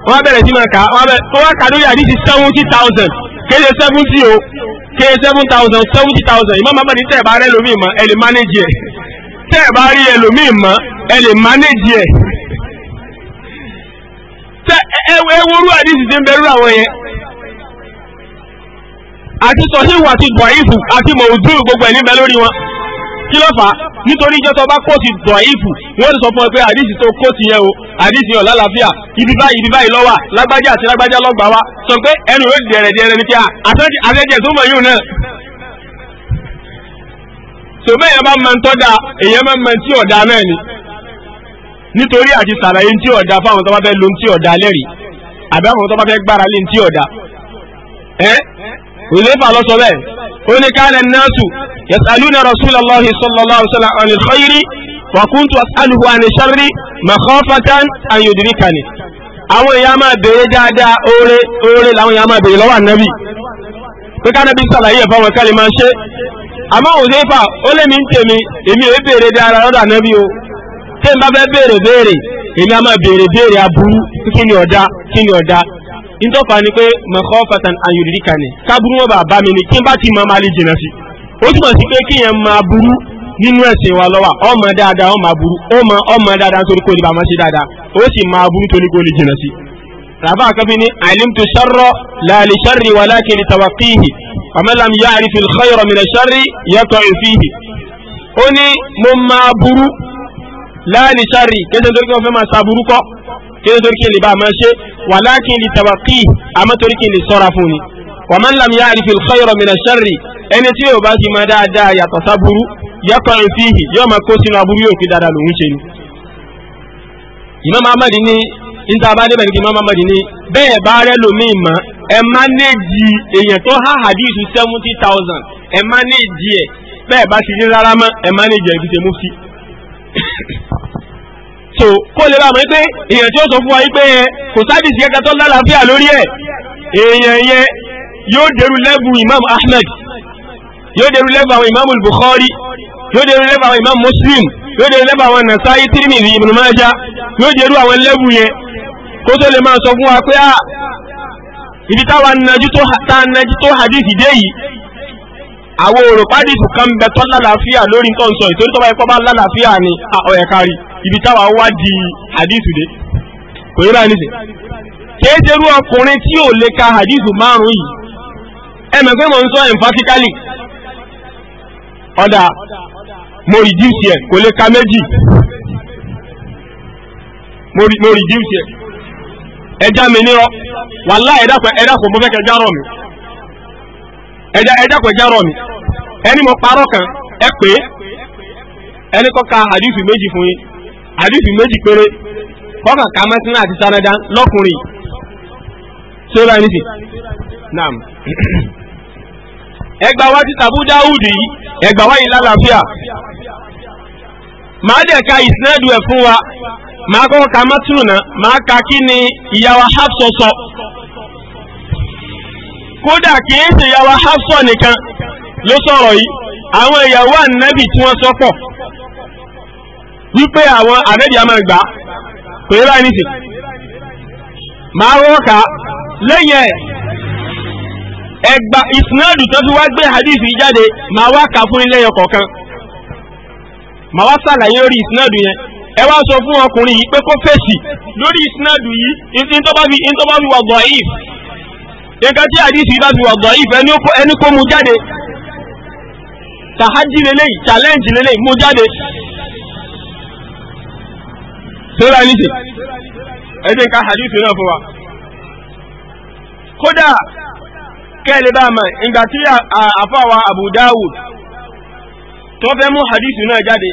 [SPEAKER 1] wọ́n bẹ̀rẹ̀ sí màkà wọ́n wá kàdúrà hadith seventy thousand kéde seventy o kéde seven thousand seventy thousand ìmọ̀ àwọn ènìyàn tẹ̀ bá rẹ lómi mọ́ ẹ lè manage ẹ̀ tẹ̀ bá rí ẹ lómi mọ́ ẹ lè manage ẹ̀ ẹwẹ ewúrú àdìsí ti ń bẹ̀rù àwọn yẹn àti sọ̀híwù àti dọ̀ìfù àti mọ̀ọ́dún gbogbo ẹ̀ níbẹ̀ lórí wọn kí ló fà á nítorí ìjọ tó bá kóòtù dọ̀ìfù wọ́n ti sọ fún ẹ pé àdìsí tó kóòtù yẹn o àdìsí yẹn lálàáfíà ibi báyìí ibi báyìí lọ́wà lágbájá àti lágbájá lọ́gbà wa sọ pé ẹnu yóò dẹ̀rẹ̀ dẹ̀rẹ̀ ní kí a ah, àtẹ́jẹ̀ tó mọ̀ yóò náà. sọ bẹ́ẹ̀ yẹn bá mọ̀ ń tọ́ da èèyàn máa mọ̀ tí nítorí àti sàlàyé ntí ọ̀dà fáwọn tó bá fẹ́ lo ntí ọ̀dà lẹ́rìí àbí àwọn tó bá fẹ́ gbára lé ntí ọ̀dà ẹ́ òzèfà lọ sọ bẹ́ẹ̀ ó ní kana nnasu yasaluna rasulallahi sallallahu alaihi wasallam anil khairi wa kuntu as'aluhu anil sharri makhafatan an yudrikani àwọn èèyàn máa béèrè dáadáa oore oore làwọn èèyàn máa béèrè lọ́wọ́ ànábì pé kánábì sàlàyé ẹ̀fọ́ àwọn kálí máa ṣe àmọ́ òzèfà ó lé mi ń tèmi èmi èé béèrè dáadáa lọ́dọ̀ ànábì o tí n bá fẹ́ béèrè béèrè èmi a máa béèrè béèrè aburú kí ni ọ̀dá kí ni ọ̀dá ntọ́fà ni pé mẹ̀kọ́ fatan ayòdìdíkà ni kábúrú wọn bá bá mi ni kí n bá ti máa máa lè jìnà sí ó túmọ̀ sí pé kí yẹn máa burú nínú ẹ̀sìn wa lọ́wọ́ ọmọ dáadáa ọmọ aburú ọmọ ọmọ dáadáa nítorí kò ní bá máa ṣe dáadáa ó sì máa burú torí kò ní jìnà sí. ràbá àkàbí ni àìlímtu sharra láàlì sharri wà lákìlì tàwákìhì pàmẹ́làm yáàrí fil khayra mina sharri yàtọ̀ ìfìhì. ó ní mo máa burú láàlì sáré kéde torí kí wọ́n fẹ́ máa sàbúrú kọ́ kéde torí kí n lè bá a máa ṣe walakin li tabaqi àmọ́ torí kí n lè sọ́ra fún ni. wa man lam ya'rif al-khayra min ash-sharri ẹni tí yóò bá ti máa dáadáa yàtọ̀ sàbúrú yaqa'u fihi yóò máa kó sínú aburú yóò fi dáadáa lòún ṣe ni. Imam Ahmad ní níta bá débẹ̀ ní kí Imam Ahmad ní bẹ́ẹ̀ bá rẹ́ lómìn mọ́ ẹ mánéèjì èèyàn tó há hadithu seventy thousand ẹ di ẹ bẹ́ẹ̀ bá ti rí rárá mọ́ ẹ mánéèjì ẹ fi ṣe mufti so kó lè bàmọ́ pé èèyàn tí ó sọ fún wa pé kò sádìsì kẹta tó lálàáfíà lórí ẹ̀ èèyàn yẹn yóò dẹrù lẹ́bù imam ahmed yóò dẹrù lẹ́bù àwọn imam bukhari yóò dẹrù lẹ́bù àwọn imam muslim yóò dẹrù lẹ́bù àwọn nasai tirmidhi ibn majah yóò dẹrù àwọn lẹ́bù yẹn kó tó lè máa sọ fún wa pé a ah, ibi táwa nájú tó hadithi dé yìí àwọn òròpá dìtù kan bẹ tó lálàáfíà lórí nǹkan sọ ìtorí tó bá yẹ kó bá lálàáfíà ni ọ̀yẹ̀kari ibi táwa wá di hadithu dé kò yẹ báyìí nísìn kééjẹrú ọkùnrin tí ò lè ka hadithu márùn yìí ẹ mọ̀ pé mo ń sọ emphatically ọ̀dà mo reduce yẹ kò lè ka méjì mo reduce yẹ ẹja mi nírọ wàlá ẹ̀dá pẹ̀ mo fẹ́ kẹjá rọ̀ mi ẹja ẹja rọ̀ mi ẹni mo parọ́ kan ẹ pé ẹni kọ́ ka hadithu méjì fún yín àdìsí méjì péré kọ́kàn ká mẹ́sìn àti sanadá lọ́kùnrin tí ó bá ní sí naam ẹgbà wá ti tàbú dáúdì yìí ẹgbà wá yìí lálàáfíà máa dẹ̀ ka ìsinẹ́dù ẹ̀ fún wa máa kọ́kọ́ ka mọ́túnà máa ka kí ni ìyàwó hafsọ sọ kódà kì í ṣe ìyàwó hafsọ nìkan ló sọ̀rọ̀ yìí àwọn ìyàwó ànábì tí wọ́n sọ pọ̀ wípé àwọn àrẹ́bí a máa gbà kò yẹ báyìí nìsín máa rọ́ọ̀kà lẹ́yìn ẹgbà ìsìnàdù tó fi wá gbé hadith yìí jáde máa wá kà fún ilé máa wá sàlàyé lórí yẹn ẹ wá sọ fún ọkùnrin yìí pé kó fèsì lórí ìsìnàdù yìí ìtọ́bá fi wà nǹkan tí hadith yìí bá fi wà ẹni kó mu jáde tàhájì challenge sọ́ra níṣẹ́ ẹ̀jẹ̀ nǹkan hadith náà fún wa. kódà kẹ́lẹ̀ bá mọ̀ ìgbà tí àfọwà Abu Dawud tó fẹ́ mú hadith náà jáde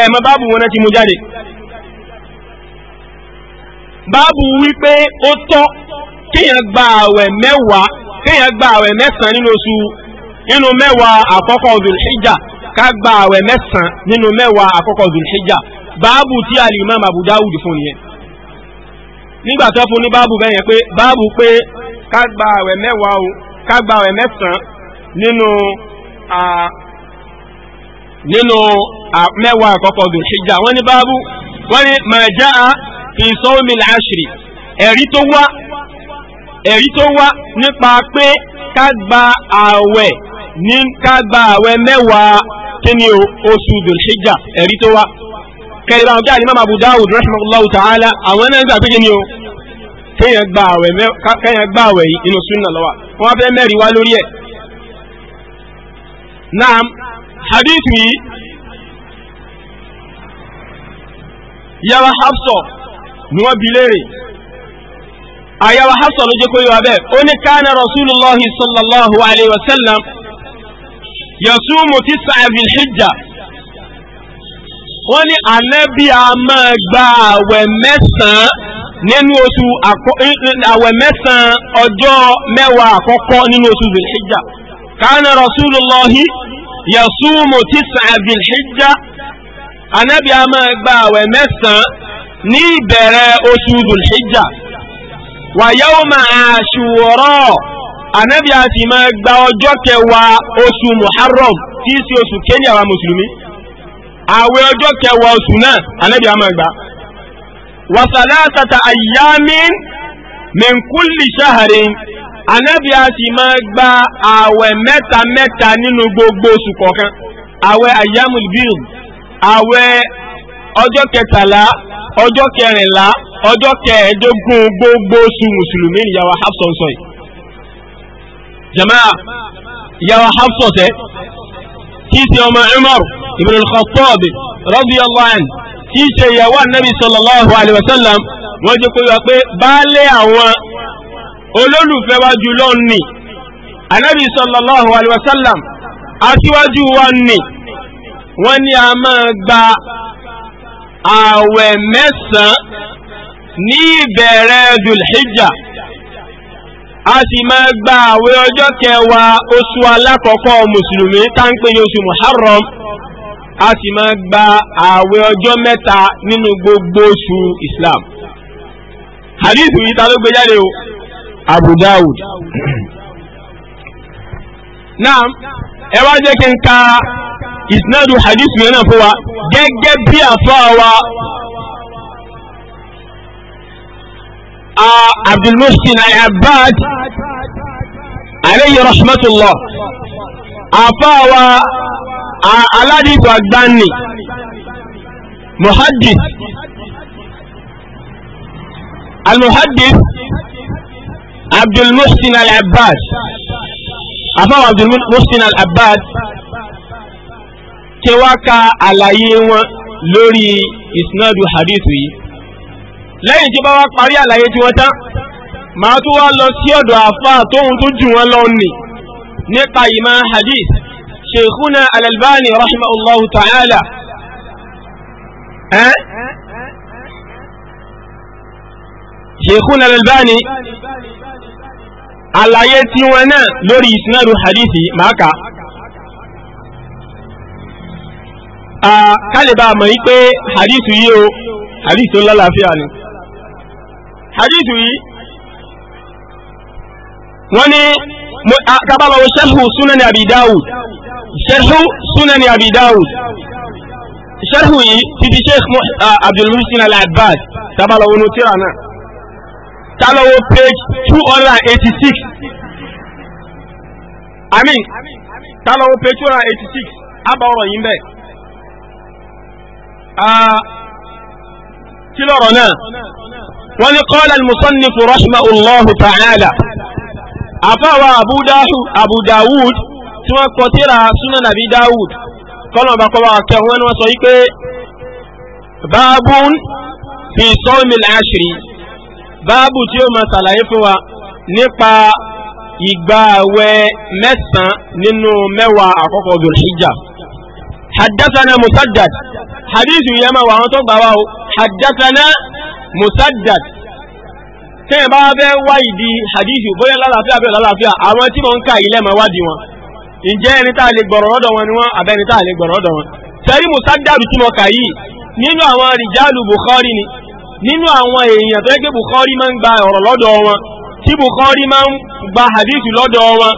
[SPEAKER 1] ẹ̀ mọ báàbù wọn náà ti mú jáde. báàbù wípé ó tọ́ kéèyàn gba àwẹ̀ mẹ́wàá kéèyàn gba àwẹ̀ mẹ́sàn-án nínú oṣù nínú mẹ́wàá àkọ́kọ́ Dhul Hijjah ká gba àwẹ̀ mẹ́sàn nínú mẹ́wàá àkọ́kọ́ Dhul báàbù tí al-Imam Abu Dawud fún nìyẹn nígbà tó fún ní báàbù bẹ́yẹn pé báàbù pé ká gba àwẹ̀ mẹ́wàá o ká gba àwẹ̀ mẹ́sàn-án nínú nínú mẹ́wàá àkọ́kọ́ Dhul Hijja wọ́n ní báàbù wọ́n ní ma jaa fi sawmil ashri ẹ̀rí tó wá ẹ̀rí tó wá nípa pé ká gba àwẹ̀ ní ká àwẹ̀ mẹ́wàá kí ni oṣù Dhul Hijja ẹ̀rí tó wá kẹrìbà àwọn bíi Imam Abu Dawud rahimahullahu ta'ala àwọn náà ń gbà pé kí ni o kéèyàn gba àwẹ̀ yìí inú súnà lọ́wọ́ wọ́n fẹ́ mẹ́rin wá lórí ẹ̀ naam hadithu yìí yàrá Hafsa ni wọ́n bi léèrè àyàwó Hafsa ló jẹ́ kó yọ abẹ́ ó ní kánà Rasulullahi sallallahu alayhi wa sallam yasumu tis'a fil hijja wọ́n ní ànábì a máa gba àwẹ̀ mẹ́sàn-án nínú oṣù àwẹ̀ mẹ́sàn-án ọjọ́ mẹ́wàá àkọ́kọ́ nínú oṣù zilhijja kánà rasulullahi yasumu tis'a zilhijja ànábì a máa gba àwẹ̀ mẹ́sàn-án ní ìbẹ̀rẹ̀ oṣù zilhijja wa yawma ashura ànábì a sì máa gba ọjọ́ kẹwàá oṣù muharram tí í ṣe oṣù kẹ́ni àwa mùsùlùmí àwẹ̀ ọjọ́ kẹwàá oṣù náà anábì àmọ́ gbà wa salasata ayyamin min kulli shahrin a sì máa gba àwẹ̀ mẹ́ta mẹ́ta nínú gbogbo oṣù kọ̀ọ̀kan àwẹ̀ ayyamul bid àwẹ̀ ọjọ́ kẹtàlá ọjọ́ kẹrìnlá ọjọ́ kẹẹ̀ẹ́dógún gbogbo oṣù mùsùlùmí ìyàwó Hafsa jama'a ìyàwó Hafsa tẹ́ kí ti ابن الخطاب رضي الله عنه tí í ṣe ìyàwó ànábì sallallahu alayhi wa sallam wọ́n jẹ́ pé wá pé baálé àwọn olólùfẹ́ wa jùlọ ni ànábì sallallahu alayhi wa sallam aṣíwájú wa ni wọ́n ní a máa gba ààwẹ̀ mẹ́sàn-án ní ìbẹ̀rẹ̀ dùlhíjà a sì máa gba ààwẹ̀ ọjọ́ kẹwàá oṣù alákọ̀ọ́kọ́ mùsùlùmí tá ń pè ní oṣù muharram a sì máa gba ààwẹ̀ ọjọ́ mẹ́ta nínú gbogbo oṣù Islam Hadith yìí ta ló gbé jáde o Abu Dawud náà ẹ wá jẹ́ kí n ka isnadu hadithu yẹn náà fún wa gẹ́gẹ́ bí àfọ́ wa Abdulmuhsin Al-Abbad alayhi rahmatullah àfọ́ wa aládìgbà gbani muhaddith al-muhaddith abdul muhsin al-abbad afáwọn abdul muhsin al-abbad tí wá ka àlàyé wọn lórí ìsinádù hadithu yìí lẹ́yìn tí bá wá parí àlàyé tí wọ́n tán màá tún wá lọ sí ọ̀dọ̀ àfáà tóun tó jù wọ́n lọ nì nípa ìmọ̀ hadith شيخنا الألباني رحمه الله تعالى أه؟ شيخنا الألباني àlàyé tí wọn náà lórí ìsinádù hadithi màákà a kálíbà mọ̀ yí pé hadithu yìí o hadithu tó lálàáfíà ni hadithu yìí wọ́n ní tábàlọ́wọ́ sẹ́fù súnà ní àbí dáwùd sharhu sunani abi dawud sharhu yìí ti di sheikh abdul muhsin al-abbas tábàlọ́wọ́ ní tíra náà tábàlọ́wọ́ page two hundred and eighty six amin tábàlọ́wọ́ page two hundred and eighty six abawọ̀rọ̀ yìí bẹ́ẹ̀ kí lọ́rọ̀ náà wọ́n ní qala al-musannifu rahimahu allah ta'ala àfàwà abu dawud tí wọ́n kọ tírà súnà nàbí dáwùd kọ́nà ọba kọ́ bá wà kẹ́ wọn ni wọ́n sọ yìí pé báàbùn fi sọ́ọ̀mì láṣìírí báàbù tí ó máa ṣàlàyé fún wa nípa ìgbà àwẹ̀ mẹ́sàn-án nínú mẹ́wàá àkọ́kọ́ zulhijja حدثنا مسدد حديث يما وان تو باو حدثنا مسدد tẹ́ bá fẹ́ wá ìdí hadithu bóyá lálàáfíà bóyá lálàáfíà àwọn tí mo ń ka ilé ma wádìí wọn ǹjẹ́ ẹni tá a lè gbọ̀rọ̀ lọ́dọ̀ wọn ni wọ́n àbẹ́ni tá a lè gbọ̀rọ̀ lọ́dọ̀ wọn. sẹ́rí musaddaru tí mo kà yìí nínú àwọn rìjálù Bukhari ni nínú àwọn èèyàn tó yẹ kí Bukhari máa ń gba ọ̀rọ̀ lọ́dọ̀ wọn tí Bukhari máa ń gba hadithu lọ́dọ̀ wọn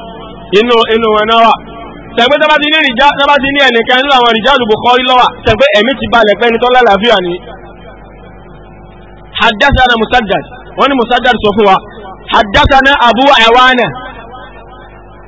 [SPEAKER 1] inú inú wọn náà wà. sẹ́gbẹ́ tó bá ti ní rìjá tó bá ti ní ẹnìkan nínú àwọn rìjálù Bukhari lọ́wà sẹ́gbẹ́ ẹ̀mí ti balẹ̀ pẹ́ni tó lálàáfíà ni.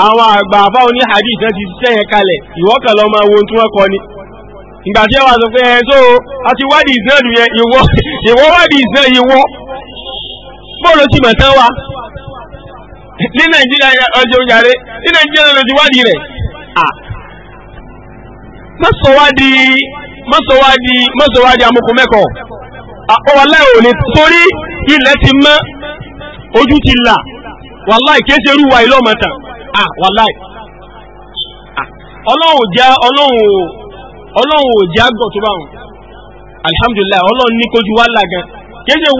[SPEAKER 1] àwọn àgbà àfáà oní hadith náà ti kalẹ̀ ìwọ́kàn lọ máa wo ni ìgbà tí sọ pé a ti wádìí ìsìnàdù yẹn ìwọ wádìí ìsẹ́ wa ní nàìjíríà ọjọ́ ní nàìjíríà lọ wádìí rẹ̀ mọ́sọ̀wádìí ò torí ilẹ̀ ti mọ́ ojú ti là wàláì Ah, ah ọlọ́run ò já ọlọ́run tó bá wọn ọlọ́run ní kojú wa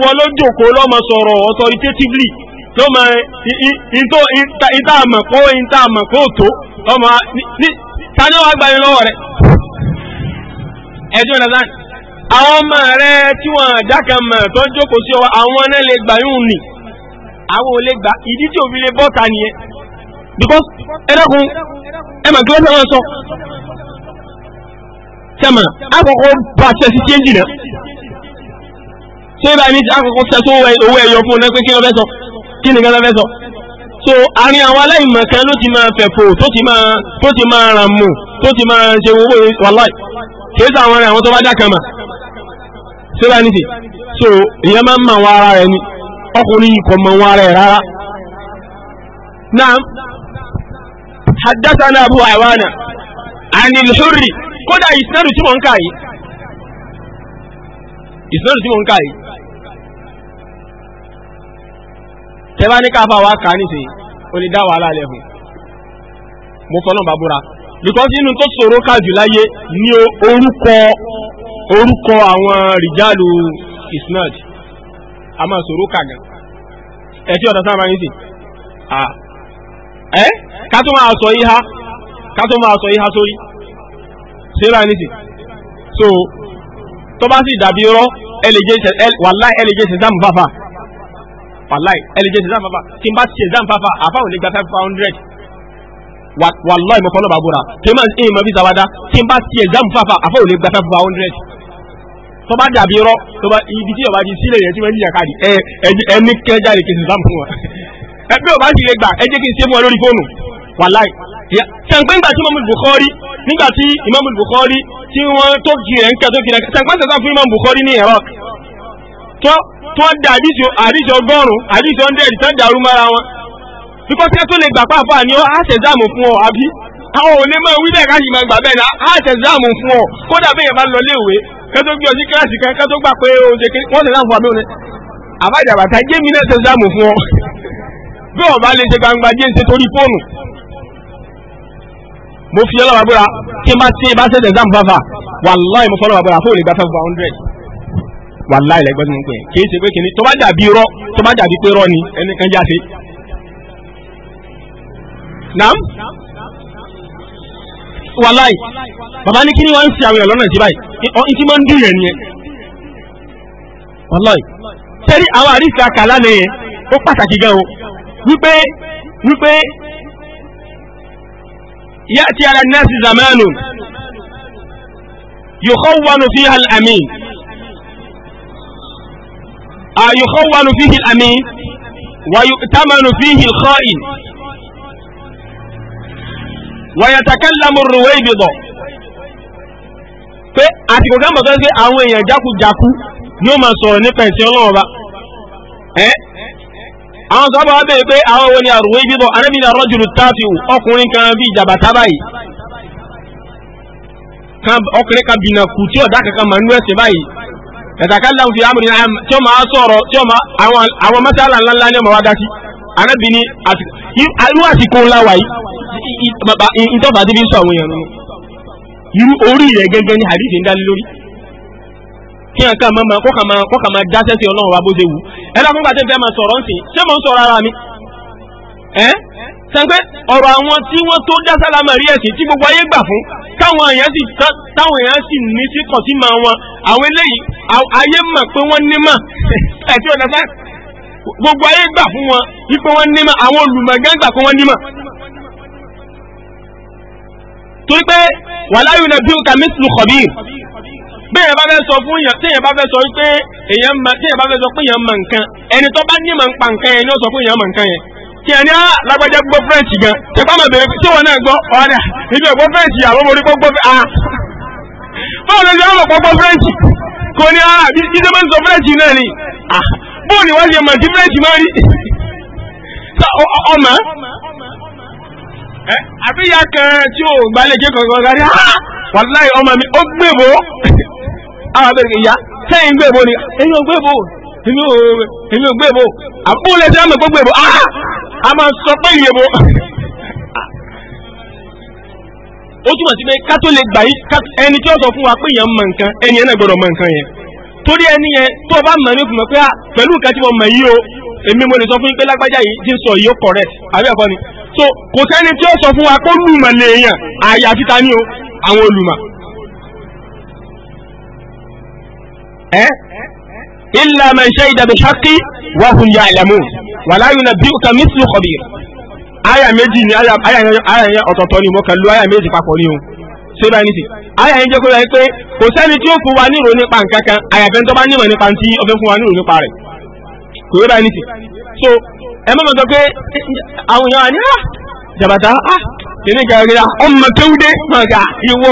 [SPEAKER 1] wọ lọ́mọ sọ̀rọ̀ authoritatively tó ìta kó ìta kó tó ọmọ ní tani lọ́wọ́ ẹjọ́ àwọn ọmọ tí wọn àjákà mọ̀ tó jókòó sí ọ àwọn náà lè gbà yún ni àwọn gbà ìdí because ẹlẹ́kùn ẹmà kí wọ́n fẹ́ wọ́n sọ sẹ́mà akọ̀kọ́ bá sẹ́sí change náà sẹ́bà ní akọ̀kọ́ sẹ́sí owó ẹ̀yọ fún náà pé kí wọ́n fẹ́ sọ kí ni gánà fẹ́ sọ so àárín àwọn aláìmọ̀ kan ló ti máa fẹ̀fò tó ti máa tó ti máa ràn mù tó ti máa ṣe owó wàláì kìí sọ àwọn rẹ̀ àwọn tó bá dákan mà sẹ́bà ní ti so ìyẹn máa ń mọ àwọn ara rẹ̀ ni ọkùnrin yìí kò mọ àwọn ara rẹ̀ rárá. Naam haddathana abu awana anil hurri kódà ìsinadu tí wọ́n ń kà yìí ìsinadu tí wọ́n ń kà yìí tẹ́bá ní káfà wá kà ní sèé o lè dá wàhálà lẹ́hùn mo fọ́nà bàbúra because inú tó ṣòro ká jù láyé ní orúkọ orúkọ àwọn rìjálù isnad a máa ṣòro kà ọ̀dọ̀ sáà máa ń sìn ah ẹ́ eh? ká tó máa sọ ìhá ká tó máa sọ ìhá sórí síra nìsí so tó bá sì dàbí rọ wàláì ẹlẹ́jẹ́ sẹ̀dáàmù fàfà wàláì ẹlẹ́jẹ́ sẹ̀dáàmù fàfà tí n bá ti sẹ̀dáàmù fàfà àfà ò lè gba five hundred wàláì mo fọlọ́ bàbúrà tí n bá ti ìmọ̀ bí sàwádà tí n bá ti sẹ̀dáàmù fàfà àfà ò lè gba five hundred tó bá dàbí rọ tó bá ibi tí ọba di sílẹ̀ yẹn tí wọ́n ń yà káàdì ẹ ẹni kẹjáde kìsìsàmù fún wa ẹ pé ọba sì lè gbà ẹ jẹ́ kí n ṣe fún ọ lórí fóònù wàláì tẹ̀gbẹ́ ńgbà tí imam bukhari nígbà tí imam bukhari tí wọ́n tó jìnà ń kẹ́tọ́ jìnà tẹ̀gbẹ́ tẹ̀gbẹ́ fún imam bukhari ní iraq tó tó dá àdíjọ àdíjọ ọgọ́rùn àdíjọ ọ̀ndẹ̀rì tó dàrú mọ́ra wọn bíkọ́ tí ẹ tó lè gbà pàápàá ni ó á ṣẹ̀dáàmù fún ọ àbí àwọn ò lè mọ ìwé dẹ̀ káyìí máa gbà bẹ́ẹ̀ ni á ṣẹ̀dáàmù fún ọ kódà bẹ́ẹ̀ yẹn bá lọ léèwé kẹ́tó gbé ọtí kíláàsì kan kẹ́tó gbà pé oúnjẹ kí wọ́n ṣẹ̀dáàmù fún abẹ́wọn àbájábàtà jẹ́mi náà ṣẹ̀dáàmù fún ọ bí ọba lè ṣe gbangba jẹ́ ń ṣe torí fóònù mo fi ọlọ́wà búra tí n bá tí n bá ṣe exam fafa wàláì mo fọlọ́wà búra fóònù ìgbà five hundred wàláì lẹ́gbẹ́ tó ń pè é kì í ṣe pé kìíní tó bá dàbí rọ tó bá dàbí pé rọ ni ẹnìkan já sí. naam wàláì bàbá ní kí ni wọ́n ń ṣe àwọn èèyàn lọ́nà ìṣíbáyì ní tí wọ́n ń dùn yẹn nìyẹn wàláì tẹ́lí àwọn àríṣà kàlá nìyẹn ó pàtàkì gan o wípé wípé يأتي على الناس زمان يخون فيها الأمين يخون فيه الأمين ويؤتمن فيه الخائن ويتكلم الرويبض pé àsìkò kan bọ̀ tó ń pé àwọn èèyàn jákujàku ni ó máa sọ̀rọ̀ nípa ẹ̀sìn ọlọ́run ọba ẹ́ àwọn sọ́bà wá bèèrè pé àwọn wo ni àrùwé bíbọ̀ arábìnrin arọ́jùlù táàfì ọkùnrin kan bí ìjàmbá tábàyì ọkùnrin kan bìnà kù tí ọ̀dá kankan mọ̀ nínú ẹ̀sìn báyìí ẹ̀tàkàlà fi àmì tí ó máa sọ̀rọ̀ tí ó máa àwọn mọ́sálà ńláńlá ní ọmọ wa dá sí arábìnrin irú àsìkò ńlá wà yìí ìtọ́fà ti fi ń sọ àwọn èèyàn nínú irú orí rẹ̀ gẹ́gẹ́ ní àdìsí ń dá lórí kí nǹkan mọ́ mọ́ kọ́kà máa kọ́kà máa dáṣẹ́ sí ọlọ́run wa bó ṣe wù ẹ lọ́kùn gbàtẹ́ fẹ́ máa sọ̀rọ̀ nsìn ṣé mò ń sọ̀rọ̀ ara mi ẹ́ sẹ́ńpẹ́ ọ̀rọ̀ àwọn tí wọ́n tó dá sálámà rí ẹ̀sìn tí gbogbo ayé gbà fún káwọn èèyàn sì táwọn èèyàn sì ní sí kọ̀ sí máa wọn àwọn eléyìí ayé mọ̀ pé wọ́n ní mà ẹ̀tí ọ̀dà sá gbogbo ayé gbà fún wọn wípé wọ́n ní mà àwọn olùmọ̀gán gbà pé wọ́n ní mà. torí pé wàláyùn kọ̀bí bẹ́ẹ̀ bá fẹ́ sọ fún yàn téèyàn bá fẹ́ sọ pé èèyàn mọ téèyàn bá fẹ́ sọ pé èèyàn mọ nǹkan ẹni tó bá ní mọ̀ nǹpa nǹkan yẹn ni ó sọ fún èèyàn mọ nǹkan yẹn kí ẹni á lágbájá gbọ́ french gan tẹpá mọ̀ bẹ̀rẹ̀ tí wọn náà gbọ́ ọ̀dà ibi ẹ̀gbọ́ french àwọn ọmọ orí gbọ́ a ah. báwo ló ṣe ọmọ gbọ́ french kò ní a ah, ìṣe máa ń sọ french náà ni ah, bóò ni wọ́n ṣe mọ̀ sí french máa rí ọmọ àbíyá kan tí ò gbálẹ̀ jẹ́ kọ̀ọ̀kan kárí wàláì ọmọ mi ó gbèbó àwọn abẹ́rẹ́ ìyá sẹ́yìn gbé bo ni ẹ̀yin ò gbé bo èmi ò èmi ò gbé bo àbúlé tí a mọ̀ gbogbo èbò a máa sọ pé ìyè bo. ó túmọ̀ sí pé kátó lè gbà yí ẹni tí ó sọ fún wa pé èèyàn mọ̀ nǹkan ẹni yẹn náà gbọ́dọ̀ mọ̀ nǹkan yẹn torí ẹni yẹn tó o bá mọ̀ ní o fi mọ̀ pé ah, pẹ̀lú nǹkan tí mo mọ̀ yìí o èmi mo lè sọ fún yín pé lágbájá yìí ti ń sọ yìí ó correct àbí ẹ̀kọ́ ni so kò sẹ́ni tí ó sọ fún wa kó lùmọ̀ lèèyàn àyàfi ta ni o àwọn olùmọ̀ ẹ́ eh? illa man shahida bil haqqi wa hum ya'lamun wala yunabbi'uka mithlu khabir aya méjì ni aya yẹn ọ̀tọ̀ọ̀tọ̀ ni mo kàn lu aya méjì papọ̀ ni o ṣé báyìí nìsí aya yẹn jẹ́ kó yẹ pé kò sẹ́ni tí ó fún wa nírò nípa nǹkan kan àyàfẹ́ tó bá nímọ̀ nípa tí ó fẹ́ fún wa nírò nípa rẹ̀ kò yẹ báyìí nìsí so ẹ mọ̀ mọ̀ sọ pé àwọn èèyàn àní ah, jàbàtà ah kìnnìkan rẹ̀ ah, ọmọ kéwúdé mọ̀ọ́gà ìwọ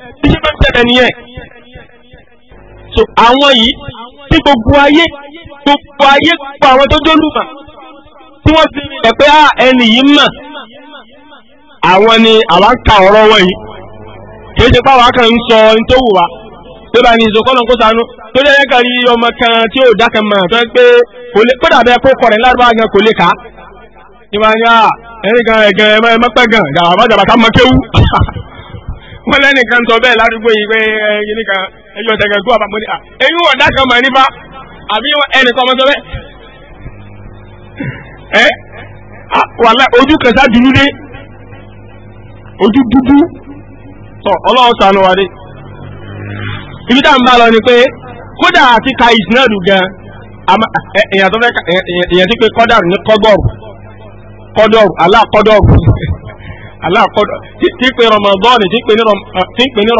[SPEAKER 1] bí ṣe máa ń tẹ̀lé nìyẹn. so àwọn yìí tí gbogbo ayé gbogbo ayé gbogbo àwọn tó jólùmọ̀ tí wọ́n ti rẹ̀ pé ah, ẹni yìí mọ̀ àwọn ni àwa ń ka ọ̀rọ̀ wọn yìí kì í ṣe pé àwa kan ń sọ ohun tó wù wá tó bá ní ìṣòkọ́nà kó sànú tó jẹ́ yẹ́kà rí ọmọ kan tí ó dá kan mọ̀ tó ń pé kódà bẹ́ẹ̀ kó kọrin lárúbá gan kò lè kà á ní wọ́n á ní à ah, ẹnì kan ẹ̀gàn gan gàwá má jàbá ká kéwú wọn lẹ́nìkan sọ bẹ́ẹ̀ ládùúgbò yìí pé eh, ka kan ẹyọ tẹ̀gẹ̀ tó àbámọ́ ni ẹyin wọ̀ dákan mà nípa àbí ẹ eh? ah, wàlá ojú kẹsà dúdú dé ojú dúdú tọ ọlọ́run sànù wa dé. ibi tá à ń bá lọ ni pé kódà àti ka gan fẹ́ ti pé ní aláàkọ́dọ̀ tí ń pè rọmọdọ́ọ̀nì tí ń pè ní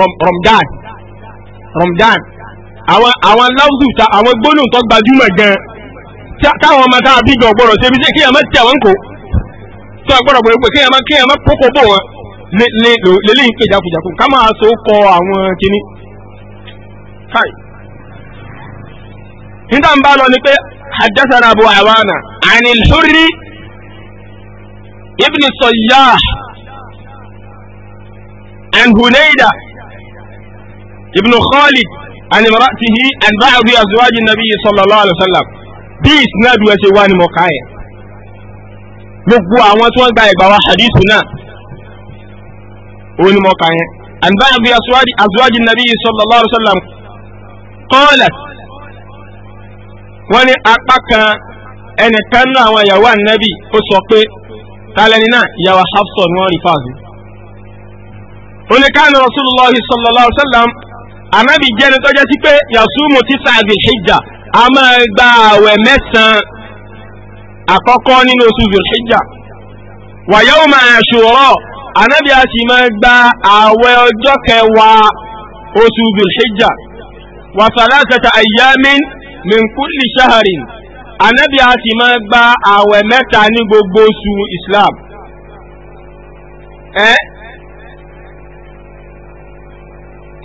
[SPEAKER 1] rọmdán eh, rọmdán àwọn àwọn láwùjù ta àwọn gbólóhùn tó gbajúmọ̀ gan táwọn ọmọ tá a bí gan ọgbọ́dọ̀ ṣe fi ṣe kí ẹ má ti àwọn kò tó ọgbọ́dọ̀ pé kí ẹ má kí ẹ má kókó bò wọn lélẹ́yìn pé jakujaku ká máa so kọ àwọn kinní. nígbà ń bá lọ ni pé hadathana abu awana anil hurri. Ibn Sayyah and Hunayda Ibn Khalid and imra'atihi and ba'd azwaj an-nabi sallallahu alaihi wasallam bí isnad wa ṣe wà ní mọ̀káyẹ̀ gbogbo àwọn tí wọ́n gba ẹ̀gbà wa hadithu náà òun ni mọ̀káyẹ̀ and ba'd azwaj an-nabi sallallahu alaihi wasallam qalat wọ́n ní ẹnìkan náà àwọn ìyàwó ànábì ó sọ pé tàlẹ́ni náà ìyàwó Hafsa ni wọ́n rí fáàzì. ó ní káàní Rasulullah sallallahu alaihi wasallam anábì jẹ́ni tó jẹ́ sí pé yasumu tisa zilhijja a máa gba àwẹ̀ mẹ́sàn-án àkọ́kọ́ nínú oṣù zilhijja wa yawma Ashura anábì a sì máa gba àwẹ̀ ọjọ́ kẹwàá oṣù zilhijja wa thalathata ayyamin min kulli shahrin ànábì a sì máa gba àwẹ̀ mẹ́ta ní gbogbo oṣù islam ẹ́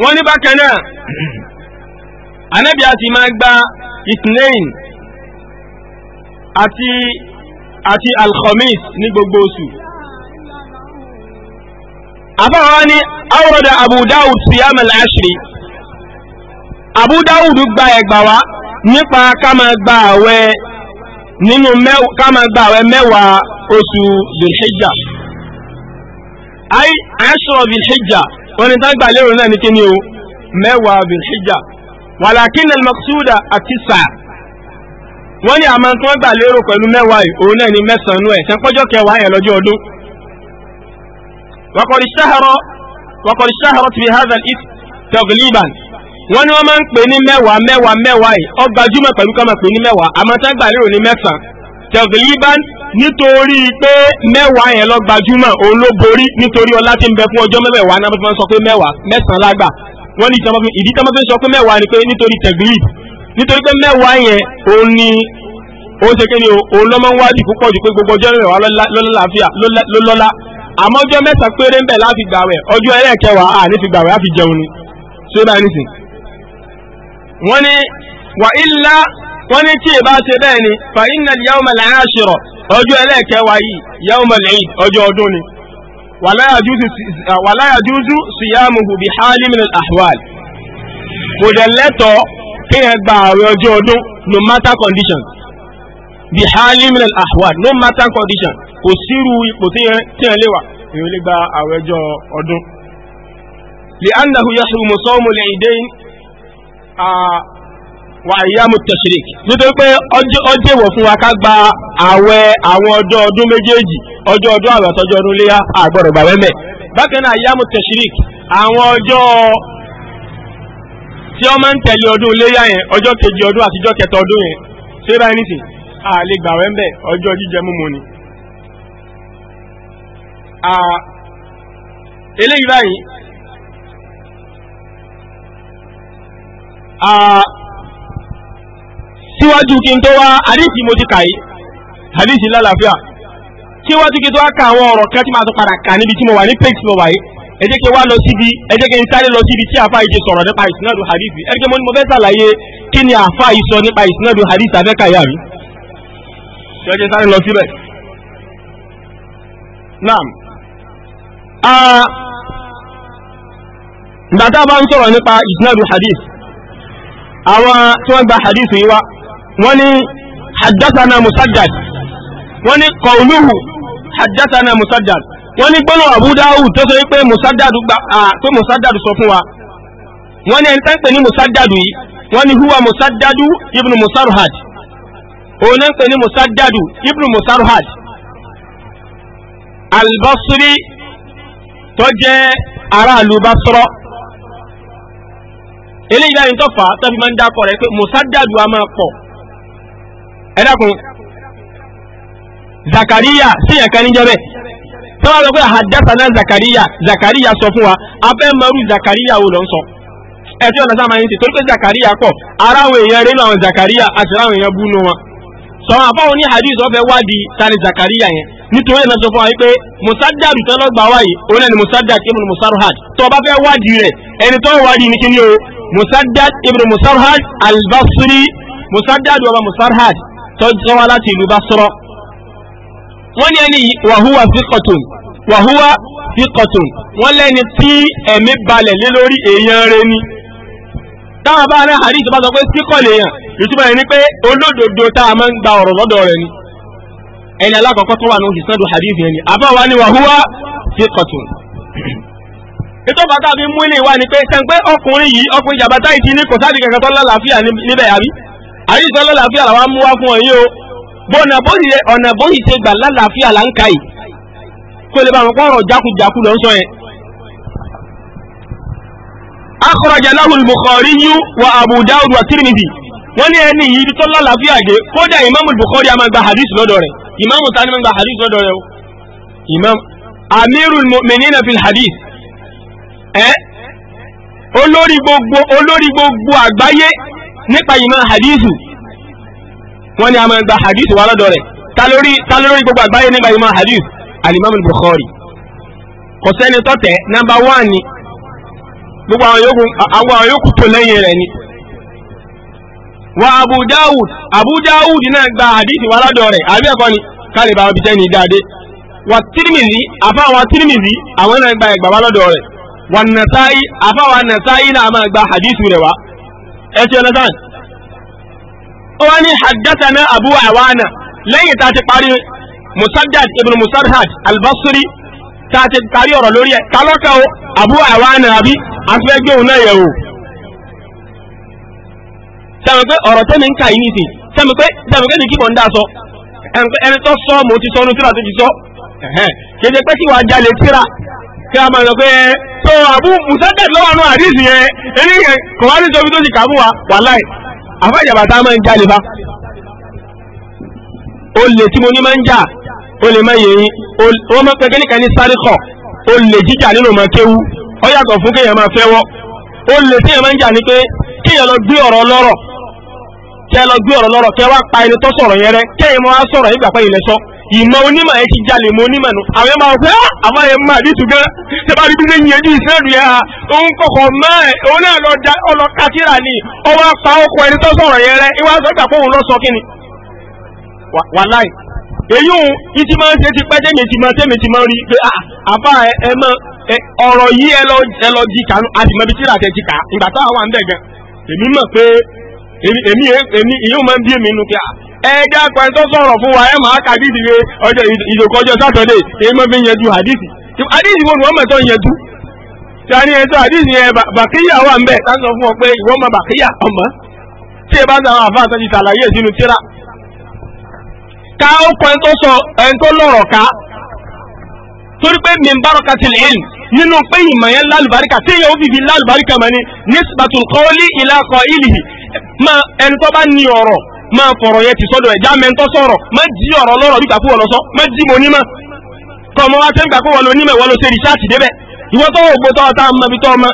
[SPEAKER 1] wọ́n ní bákan náà ànábì a sì máa gba isnain àti àti alkhamis ní gbogbo oṣù àbáwá ní awrada abu dawud siyam al-ashri abu dawud gba ẹgbàá wa nípa ká máa gba àwẹ̀ nínú ká máa gba àwẹ̀ mẹ́wàá oṣù bilhijja ayi ashra bilhijja wọn ni tágbà lérò náà ní kíni o mẹ́wàá bilhijja walakin al-maqsuda at-tis'a wọ́n ní àmọ́ tí wọ́n gbà lérò pẹ̀lú mẹ́wàá òun náà ni mẹ́sàn-án ẹ̀ tẹ́kọ́jọ́ kẹwàá yẹn lọ́jọ́ ọdún. waqad ishtahara waqad ishtaharat fi hadha wọ́n ní wọ́n máa ń pè ní mẹ́wàá mẹ́wàá mẹ́wàá yìí ó gbajúmọ̀ pẹ̀lú ká máa pè ní mẹ́wàá àmọ́ tá gbà lérò ní mẹ́sàn-án tẹ̀gìlíbán nítorí pé mẹ́wàá yẹn lọ gbajúmọ̀ òun ló borí nítorí ọlá tí ń bẹ fún ọjọ́ mẹ́wàá náà fífọ́n sọ pé mẹ́wàá mẹ́sàn-án lágbà wọ́n ní ìdí tí wọ́n fi sọ pé mẹ́wàá ni pé nítorí tẹ̀gìlíb nítorí pé mẹ́wàá yẹn òun ni ó ṣe kí ni òun lọ́mọ ń wájú púpọ̀ jù pé gbogbo ọjọ́ mẹ́wàá lọ́lọ́láfíà lọ́lọ́lá àmọ́ ọjọ́ mẹ́sàn-án péré ń bẹ láti gbàwẹ̀ ọjọ́ ẹlẹ́ẹ̀kẹwàá à ní fi gbàwẹ̀ á fi jẹun ni ṣé báyìí nísìnyí wọ́n ní wà ilá wọ́n ní tí ìbá ṣe bẹ́ẹ̀ ni fa inna al-yawma al-ashira ọjọ́ ẹlẹ́ẹ̀kẹwàá yìí yawma al-eid ọjọ́ ọdún ni wala yajuzu siyamuhu bi hali min al-ahwal kò dẹ̀ lẹ́tọ̀ kí ẹ gba àwẹ̀ ọjọ́ ọdún no matter condition bi hali min al no matter condition kò sírú ipò tí ẹ lè wà èyí ó lè gba àwẹ̀ ọjọ́ ọdún. li'annahu yahrumu sawmu al-eidain wà ìyámu tashrik nítorí pé ọjọ́ èèwọ̀ fún wa ká gba àwẹ̀ àwọn ọjọ́ ọdún méjèèjì ọjọ́ ọdún àwẹ̀ àtọjọ́ ọdún léyà àgbọ̀dọ̀ gbà wẹ́mẹ̀ bákan náà ìyámu tashrik àwọn ọjọ́ tí wọ́n máa ń tẹ̀lé ọdún léyà yẹn ọjọ́ kejì ọdún àtijọ́ kẹta ọdún yẹn ṣé báyìí nìsín àlè gbà wẹ́mẹ̀ ọjọ́ jíjẹ múmu ni eléyìí báyìí síwájú kí n tó wá àdìsí mo ti kà yìí àdìsí lálàáfíà síwájú kí n tó wá ka àwọn ọ̀rọ̀ kan tí màá tún padà kà níbi tí mo wà ní page mo wà yìí ẹ jẹ́ kí wá lọ síbi ẹ jẹ́ kí n sáré lọ síbi tí àfa yìí ti sọ̀rọ̀ nípa ìsinadu hadith ẹ jẹ́ mo ní mo fẹ́ sàlàyé kí ni àfa yìí sọ nípa ìsinadu hadith abẹ́ka ìyá mi ṣé ẹ jẹ́ sáré lọ síbẹ̀. naam gbàtà bá ń sọ̀rọ̀ nípa ìsinadu hadith àwọn tí wọ́n gba hadithu yìí wá wọ́n ní haddathana musaddad wọ́n ní qawluhu haddathana musaddad wọ́n ní gbọ́nà Abu Dawud tó sọ pé musaddadu gba pé musaddadu sọ fún wa wọ́n ní ẹnitẹ́ ń pè ní musaddadu yìí wọ́n ní huwa musaddadu ibn musarhad òun ń pè ní musaddadu ibn musarhad al tó jẹ́ aráàlú Basra eléyìí láyé tó fà á tó fi máa ń dákọ̀ rẹ̀ pé mùsádàdù a máa pọ̀ ẹ dákun zakariya síyàn kan níjọ́ bẹ́ẹ̀ tọ́wọ́ lọ pé àdásáná zakariya zakariya sọ fún wa abẹ́ mọ́rú zakariya wo ló ń sọ ẹtí ọ̀nà sáà máa ń ti torí pé zakariya pọ̀ ara àwọn èèyàn rẹ̀ lọ́wọ́ zakariya àti àwọn èèyàn búnú wọn sọ̀rọ̀ àbáwọn ní hadith ọ̀fẹ́ wádìí tani zakariya yẹn nítorí ẹ̀ náà sọ fún wa pé musaddad tọ́lọ́gbà wáyé òun náà ni musaddad ibn musarhad tó o bá fẹ́ wádìí rẹ̀ ẹni tó wádìí ní kíní o musaddad ibn musarhad albasri musaddad wa musarhad tó jẹ́ wá láti ìlú basra wọ́n ní ẹni wàhúwà fíkọ̀tún wàhúwà fíkọ̀tún wọ́n lẹ́ni tí ẹ̀mí balẹ̀ lé lórí èèyàn rẹ ni táwọn bá rẹ̀ àrí ìjọba sọ pé síkọ̀ lèèyàn ìtumọ̀ rẹ̀ ni pé olódodo tá a máa ń gba ọ̀rọ̀ lọ́dọ̀ rẹ̀ ni ẹni alákọ̀ọ́kọ́ tó wà ní òṣìṣẹ́ ìsàdù hadith ni àbáwá ni wàhúwà fíkọ̀tún ìtọ́ba tá a fi mú ilé wa ni pé sẹ́ńpẹ́ ọkùnrin yìí ọkùnrin jàbátá ìdí ní kò sáàdì kankan tó lálàáfíà níbẹ̀ àbí àyè tó lálàáfíà làwa mú wá fún ọ yín o bó ọ̀nà bóyì rẹ ọ̀nà bóyì ṣe gbà lálàáfíà là ń ka yìí kó lè bá wọn kọ́ ọ̀rọ̀ jákujàku lọ sọ yẹn. akọrọjà lahul bukhari yu wa abu dawud wa tirmidhi wọn ní ẹni yìí tó lálàáfíà dé kódà imaamu bukhari a gba hadith lọ́dọ̀ rẹ̀ imaamu sani máa gba hadith lọ́dọ̀ rẹ̀ o imaamu amirul mu'minina fil hadith ẹ́ olórí gbogbo olórí gbogbo àgbáyé nípa ìmọ̀ hadithu wọ́n ní a máa gba hadithu wa lọ́dọ̀ rẹ̀ ta lórí gbogbo àgbáyé nípa ìmọ̀ hadithu alimami bukhari kò sẹ́ni tọ́tẹ̀ namba wán ni gbogbo àwọn yòókù àwọn àwọn yòókù tó ni wa abu dawud abu dawud náà gba hadithu wa lọ́dọ̀ rẹ̀ àbí ẹ̀kọ́ ni kálí bá wọn bí sẹ́ni wa tirimizi àfa wa tirimizi àwọn náà gba ẹ̀gbà wà nàṣáì àfáwà na náà máa gba hadithu rẹ̀ wá ẹ ṣe ọ̀nà sáà ó wá ní abu awana lẹ́yìn tá a ti parí musaddad ibn musarhad albasri tá a ti parí lori, lórí ẹ̀ kálọ́kà o abu awana àbí afẹ́gbẹ́ òun náà yẹ̀ o sẹ́mi pé ọ̀rọ̀ tẹ́mi ń kà yín nìsín sẹ́mi pé sẹ́mi pé nìkí mọ̀ ń dá sọ ẹni sọ mo ti sọ ọ́nù tíra tó ti sọ kéde pé kí wàá jalè tíra kí a máa lọ pé tó àbú mùsẹ́tẹ̀ lọ́wọ́ àánú àdìsí yẹn ẹni kò wá ní sọ́bi tó ti kàmú wa wàláì àfàjàbà tá a máa ń jalè bá ó lè tí mo ní máa ń jà ó lè máa yẹ̀yìn wọ́n máa pẹ́ kíníkà ní sáré kọ̀ ó lè jíjà nínú ọmọ kéwu ó yàtọ̀ fún kéèyàn máa fẹ́wọ́ ó tí èèyàn máa ń jà ní pé kéèyàn lọ gbé ọ̀rọ̀ lọ́rọ̀ kẹ́ lọ gbé ọ̀rọ̀ lọ́rọ̀ kẹ́ wá pa ẹni tó sọ̀rọ̀ yẹn rẹ́ kéèyàn máa sọ̀rọ̀ yín ìmọ̀ onímọ̀ ẹ̀ ti jalè mọ́ onímọ̀ nù àwọn ẹ̀ máa fẹ́ àwọn ẹ̀ máa bí tùgán tẹ́bá rí bí sẹ́yìn ẹ̀dí ìsẹ́lù yẹn ha òun kọ̀kọ̀ mọ́ ẹ̀ òun náà lọ da ọlọ́ka síra ni ọwọ́ apá ọkọ̀ ẹni tó sọ̀rọ̀ yẹn rẹ ìwà sọ́jà pé òun lọ sọ kí ni. wàláì èyí òun ìtì máa ń ṣe ti pẹ́ tẹ́mi ti máa tẹ́mi ti máa rí pé àbá ẹ mọ ọ̀rọ̀ yìí ẹ lọ ẹ lọ di kànú àti mọbi tíra tẹ ti kà ìgbà táwa wà ń ẹ̀ẹ́dá pẹ̀ntọ́ sọ̀rọ̀ fún wa ẹ̀ máa ka dídì lé ọjọ́ ìjòkó ọjọ́ sátọ̀dé èyí máa fi yanjú hadithi hadithi wo ni wọ́n mẹ̀tọ́ yanjú tani ẹ̀tọ́ hadithi yẹn bàkíyà wà ń bẹ̀ ká sọ fún ọ pé ìwọ́n ma bàkíyà ọmọ tí ẹ bá sọ àwọn àfáà sọ́jú tàlàyé sínú tíra ká ó kọ ẹ̀ntọ́ sọ ẹ̀ntọ́ lọ́rọ̀ ká torí pé min barakatil ilm nínú pé ìmọ̀ yẹn lálùbáríkà máa fọ̀rọ̀ yẹn ti sọ́dọ̀ ẹ̀já mẹ́ńtọ́ sọ̀rọ̀ má jí ọ̀rọ̀ lọ́rọ̀ bí gbàgbọ́ lọ sọ má jí mo nímọ̀ kọ́ ọmọ wa tẹ́ ń gbàgbọ́ lọ nímọ̀ ìwọ ló ṣe rìsáàtì débẹ̀ ìwọ tó ògbó tó ọta mọbi tó ọmọ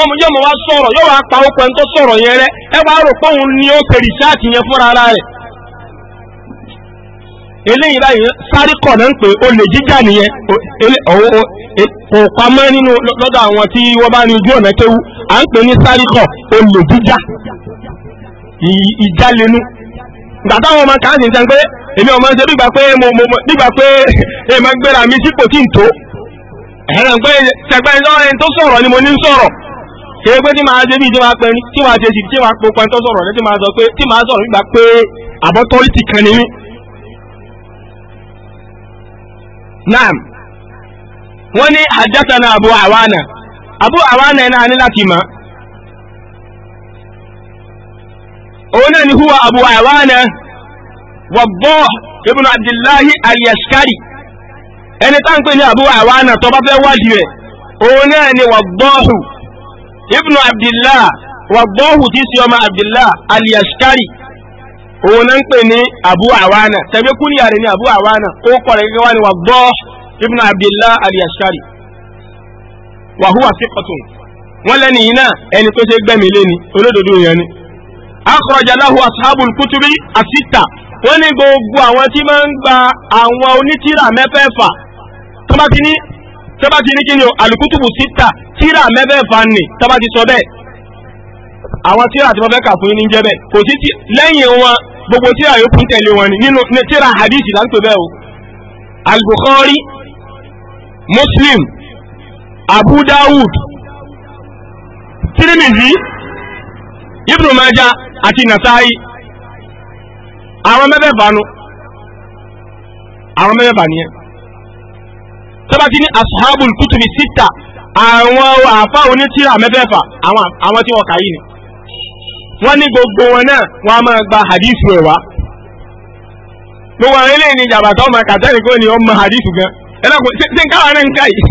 [SPEAKER 1] ọmọ yóò mọ wá sọ̀rọ̀ yóò wá pa okùn ẹ̀ńtọ́ sọ̀rọ̀ yẹn rẹ ẹ wá rò pé òun ni ó ṣe rìsáàtì yẹn fúnra ara rẹ̀ eléyìí báyìí sáré kọ̀ náà ń pè olè jíjà nìyẹn e, kò pamọ́ nínú lọ́dọ̀ àwọn tí wọ́n bá ní ojú ọ̀nà kéwu à ń pè ní sáré kọ̀ olè jíjà ìjálenú gbàtà àwọn ọmọ kan sì ń sẹ́ pé èmi ọmọ ṣe bígbà pé mo mo bígbà pé èèmọ̀ gbéra mi sípò tí n tó ẹ̀rọ pé ṣẹgbẹ́ ìlọrin tó sọ̀rọ̀ ni mo ní sọ̀rọ̀ kéé pé tí màá ṣe bíi tí màá pẹ́ tí màá ṣe tí màá pọ̀ pẹ́ńtọ́ sọ̀rọ̀ ní tí màá sọ pé tí màá sọ̀rọ̀ gbígbà pé àbọ̀tọ́rìtì kan ni mí. naam wọ́n ní àjàtà náà àbú àwa náà àbú àwa náà náà ní láti mọ̀ òun náà ni huwa abu awana wabọ́ ibn abdullahi al-yaskari ẹni tá ń pè ní abu awana tó bá fẹ́ wádìí rẹ̀ òun náà ni wabọ́hù ibn abdullah wabọ́hù tí sí ọmọ abdullah al-yaskari òun náà ń pè ní abu awana tẹ̀gbẹ́ kúlíyà rẹ̀ ní abu awana ó kọ̀ rẹ̀ gẹ́gẹ́ wá ní ibn abdullah al-yaskari wàhúwà síkọ̀tún wọ́n lẹ́ni yìí náà ẹni tó ṣe gbẹ̀mí lé ni olódodo yẹn ni akọrọjà láhùn asábùl kútùbí àsìtà wọ́n ní gbogbo àwọn tí máa ń gba àwọn onítìrà mẹ́fẹ̀ẹ̀fà tó bá ti ní tó bá ti ní kí ni o alùkútùbù síta tìrà mẹ́fẹ̀ẹ̀fà nì tó ti sọ bẹ́ẹ̀ àwọn tírà tí wọ́n fẹ́ ní jẹ́ bẹ́ẹ̀ kò sí tí lẹ́yìn wọn gbogbo tírà yòókù tẹ̀lé wọn ni nínú tírà hadith là ń pè bẹ́ẹ̀ o al Muslim Abu Dawud Tirmidhi Ibnu Maja àti Nasai àwọn mẹ́fẹ̀ẹ̀fà nu àwọn mẹ́fẹ̀ẹ̀fà nìyẹn tọ́ba ti ní ashabul kutubi sita àwọn àfa onítìrà mẹ́fẹ̀ẹ̀fà àwọn tí wọ́n kà yìí ni wọ́n ní gbogbo wọn náà wọ́n á máa gba hadith rẹ̀ wá gbogbo àwọn eléyìí ni jàbàtà ọmọ kàtẹ́rì kò ní ọmọ hadith gan ẹ̀rọ kò sí nǹkan àwọn ẹ̀ńkà yìí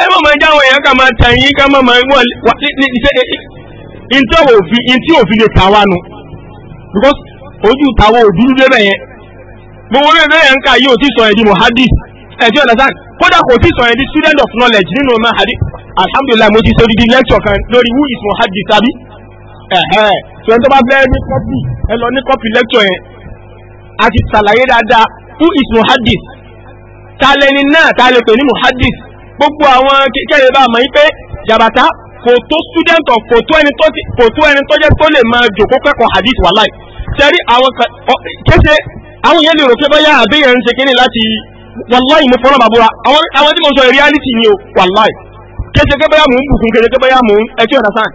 [SPEAKER 1] ẹ mọ̀ máa jáwọ̀ èèyàn ká máa tàn yín ká máa máa wọ́n ntí òfin ntí òfin lè tà wá nu because ojú tàwa òdúdú débẹ̀ yẹn gbogbo bí ẹgbẹ́ yẹn ń kà yìí ò ti sọ yẹn di muhadi ẹ̀jẹ̀ ọ̀dàsán kódà kò ti sọ yẹn di student of knowledge nínú ọmọ hadi alhamdulillah mo ti sọ di lecture kan lórí who is muhadi tàbí ẹ̀hẹ́ tí wọ́n tó bá fẹ́ ní kọ́pì ẹ lọ ní kọ́pì lecture yẹn a ti ṣàlàyé dáadáa who is muhadi ta lẹni náà ta lè pè ní muhadi gbogbo àwọn kékeré bá mọ̀ wípé jàbàtà kò tó student of kò tó ẹni tó jẹ́ tó lè máa jòkó kẹ́kọ̀ọ́ hadith wàláì tẹ́rí àwọn kéṣe àwọn yẹn lè rò pé bóyá àbẹ́yẹn ń ṣe kíní láti wàláì mo fọ́nà bàbúrà àwọn tí mo sọ reality ni o wàláì kéṣe pé bóyá mò ń bùkún kéṣe pé bóyá mò ń ẹtí ọ̀dà sáà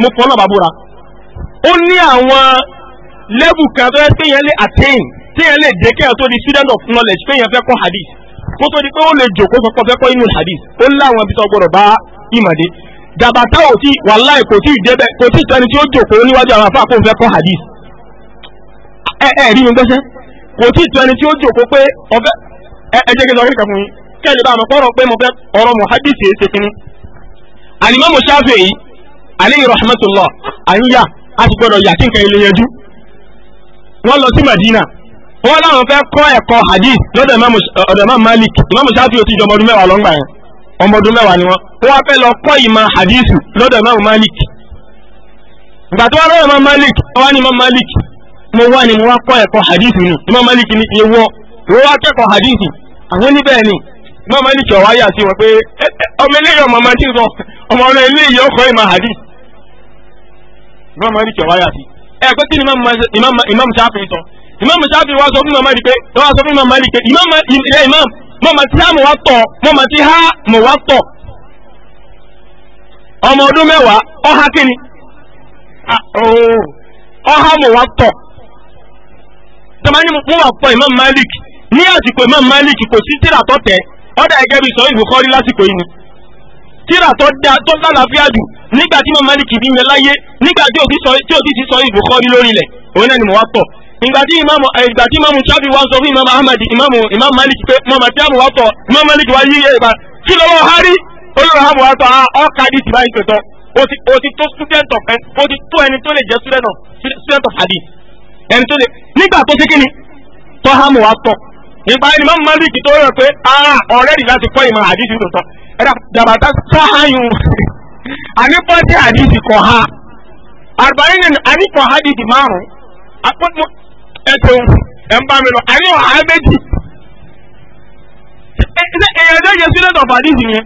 [SPEAKER 1] mo fọ́nà bàbúrà. ó ní àwọn level kan tó yẹ pé yẹn lè attain tí yẹn lè dé kéèyàn tó di student of knowledge pé yẹn fẹ́ kọ́ hadith kó tó di pé ó lè jòkó sọpọ fẹ́kọ́ inú hadith ó láwọn ibi tó gbọdọ̀ bá ìmọ̀dé jàbátá ò tí wàláì kò tí ì débẹ̀ kò tí ì tẹni tí ó jòkó níwájú àwọn afáàkó fẹ́kọ́ hadith ẹ ẹ rí mi gbẹ́sẹ́ kò tí tẹni tí ó jòkó pé ọbẹ̀ ẹ ẹ jẹ́ kí n sọ kíkà fún yín kẹ́lẹ́ bá mi kọ́ ọ̀rọ̀ pé mo fẹ́ a ti gbọdọ̀ nǹkan ilé wọ́n láwọn fẹ́ kọ́ ẹ̀kọ́ hadith lọ́dọ̀ imam malik imam shafi ó ti jọ ọmọdún mẹ́wàá lọ́ngbà yẹn ọmọdún mẹ́wàá ni wọ́n wọ́n fẹ́ lọ kọ́ ìmọ̀ hadith lọ́dọ̀ imam malik ìgbà tó wá lọ́wọ́ imam malik wọ́n ní imam malik mo wá ni mo wá kọ́ ẹ̀kọ́ hadith nù imam malik ni ewọ́ wọ́n wá kẹ́kọ̀ọ́ hadith àwọn níbẹ̀ ni imam malik ọ̀wá yà sí wọn pé ọmọ eléyìí ọmọ máa ti sọ ọmọ ọmọ eléyìí ọkọ̀ ìmọ̀ hadith imam malik ọ̀wá yà sí ẹ̀ pé kí ni imam shafi sọ Imam sáfì wa sọ fún màmá rí pé wọ́n wá sọ fún màmá rí pé ìmáàmù ilẹ̀ ìmáàmù mọ̀mọ́ tí hámù wá tọ̀ mọ̀mọ́ tí hámù wá tọ̀ ọmọ ọdún mẹ́wàá ọha kíni ah, oh, ọha mọ̀ wá tọ̀ tẹmani mo wà pọ̀ Imam Malik ní àsìkò Imam Malik kò sí tíra tó tẹ̀ ọ̀dà ẹ̀gẹ́ bíi sọ ìbùkọ́ rí lásìkò yìí tíra tó da tó lálàáfíà jù nígbà tí Imam Malik bí ń yẹ láyé nígbà tí òtí sọ ìbùkọ́ rí lórí ilẹ̀ òun náà ni mo wá tọ̀ ìgbàtí ìmáàmù eh, ìgbàtí ìmáàmù sábì wá sọ fún ìmáàmù ahmed ìmáàmù ìmáàmù malik pé mọ̀mọ́ tí àmù wá tọ̀ ìmáàmù malik wá yí ìgbà kí lọ́wọ́ hárí olóòrò àmù wá tọ̀ á ọ̀ka di tìbá ìpè tọ̀ o ti tó student of ẹ eh, o ti tó ẹni tó lè jẹ́ student of student of hadith ẹni tó lè nígbà tó ṣe kíni tọ́ àmù wá tọ̀ ìgbà ẹni mọ̀mọ́ malik tó rẹ̀ pé ara ọ̀rẹ́ rì láti kọ́ ìmọ̀ hadith tó tọ̀ ẹ̀dá jàbàtà sáháyùn àníkọ́ tí hadith kọ̀ ha àrùbáyé àníkọ̀ hadith márùn-ún ẹtò ẹnba mi lọ àní wà á méjì ṣe èyàn ẹjọ yẹ student of hadith ni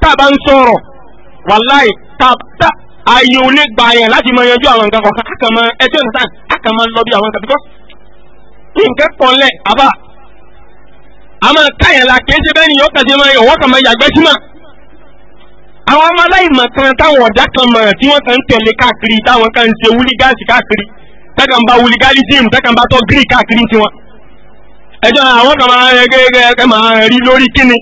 [SPEAKER 1] tá a bá ń sọ̀rọ̀ wàláì tá a ayé ò gba yẹn láti máa yanjú àwọn nǹkan kọ̀ọ̀kan àkàmọ́ ẹjọ́ nìkan àkàmọ́ lọ bí àwọn nǹkan bíkọ́ nǹkan pọ̀nlẹ̀ àbá àmọ́ káyàn la kìí ṣe bẹ́ẹ̀ ni yóò kàṣe máa yọ̀ wọ́n kà yàgbẹ́ sí mà. àwọn ọmọ aláìmọ̀ kan táwọn ọ̀dà kan mọ̀ tí wọ́n kàn ń tẹ̀lé káàkiri táwọn kan ń ṣe wúlí gáàsì káàkiri tẹ́kàn bá wuligalism tẹ́kàn bá tọ́ greek káàkiri tiwọn ẹjọ́ àwọn kan máa rẹ gẹ́gẹ́ máa rí lórí kíni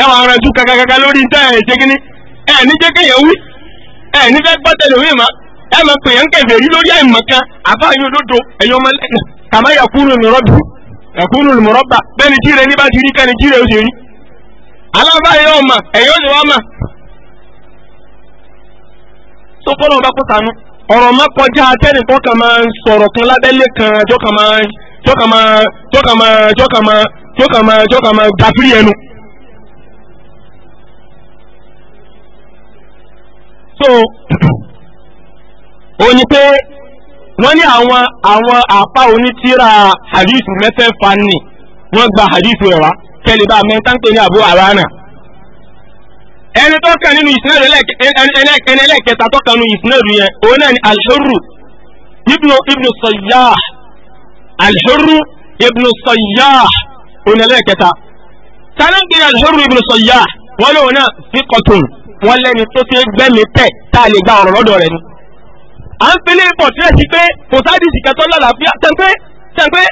[SPEAKER 1] ẹ máa rẹ tú kàkàkàkà lórí tẹ́ ẹ̀ ṣe kíni ẹ ní jẹ́ kéèyàn wí ẹ ní fẹ́ gbọ́ tẹ̀lé òwe ma ẹ máa pè yẹn kẹfẹ́ rí lórí àìmọ̀ kan àfáàyàn olódo ẹ̀yọ́ ọmọ lẹ́nu kàmá yakunu lùmọ̀rọ́bù yakunu lùmọ̀rọ́bà bẹ́ẹ̀ni jíire ní bá ti rí kẹ́ni jíire ó ṣe rí alábàáyé ọmọ ẹ̀yọ́ ni wọ́n mọ̀ tó kọ́ lọ́ọ́ bá kó sànú ọ̀rọ̀ má kọjá atẹ́nìkan kan máa ń sọ̀rọ̀ kan lábẹ́lé kan jọ́kà máa jọ́kà máa máa máa máa máa ẹnu. so ó ní pé wọ́n ní àwọn àwọn àpá onítìrà hadith mẹ́fẹ̀ẹ́fà ni wọ́n gba hadith rẹ̀ wá kẹ́lẹ́ bá mẹ́ta ń pè ní àbúrò ẹni tó kàn nínú ìsinadu ẹni ẹlẹ́kẹta tó kàn nínú ìsinadu yẹn òun náà ni alḥurru ibnu ibnu sayyah alḥurru ibnu sayyah òun ẹlẹ́kẹta tanin kiri alḥurru ibnu sayyah wọn lé òun náà fi kọtun wọn lẹni tó ti gbẹmí tẹ tá a lè gba ọ̀rọ̀ lọ́dọ̀ rẹ̀ ni. à ń pèlè pọ̀ tí ẹ ti pé kò sáàdì ìsìkẹ́tọ́ lálàáfíà tẹ̀pẹ́ tẹ̀pẹ́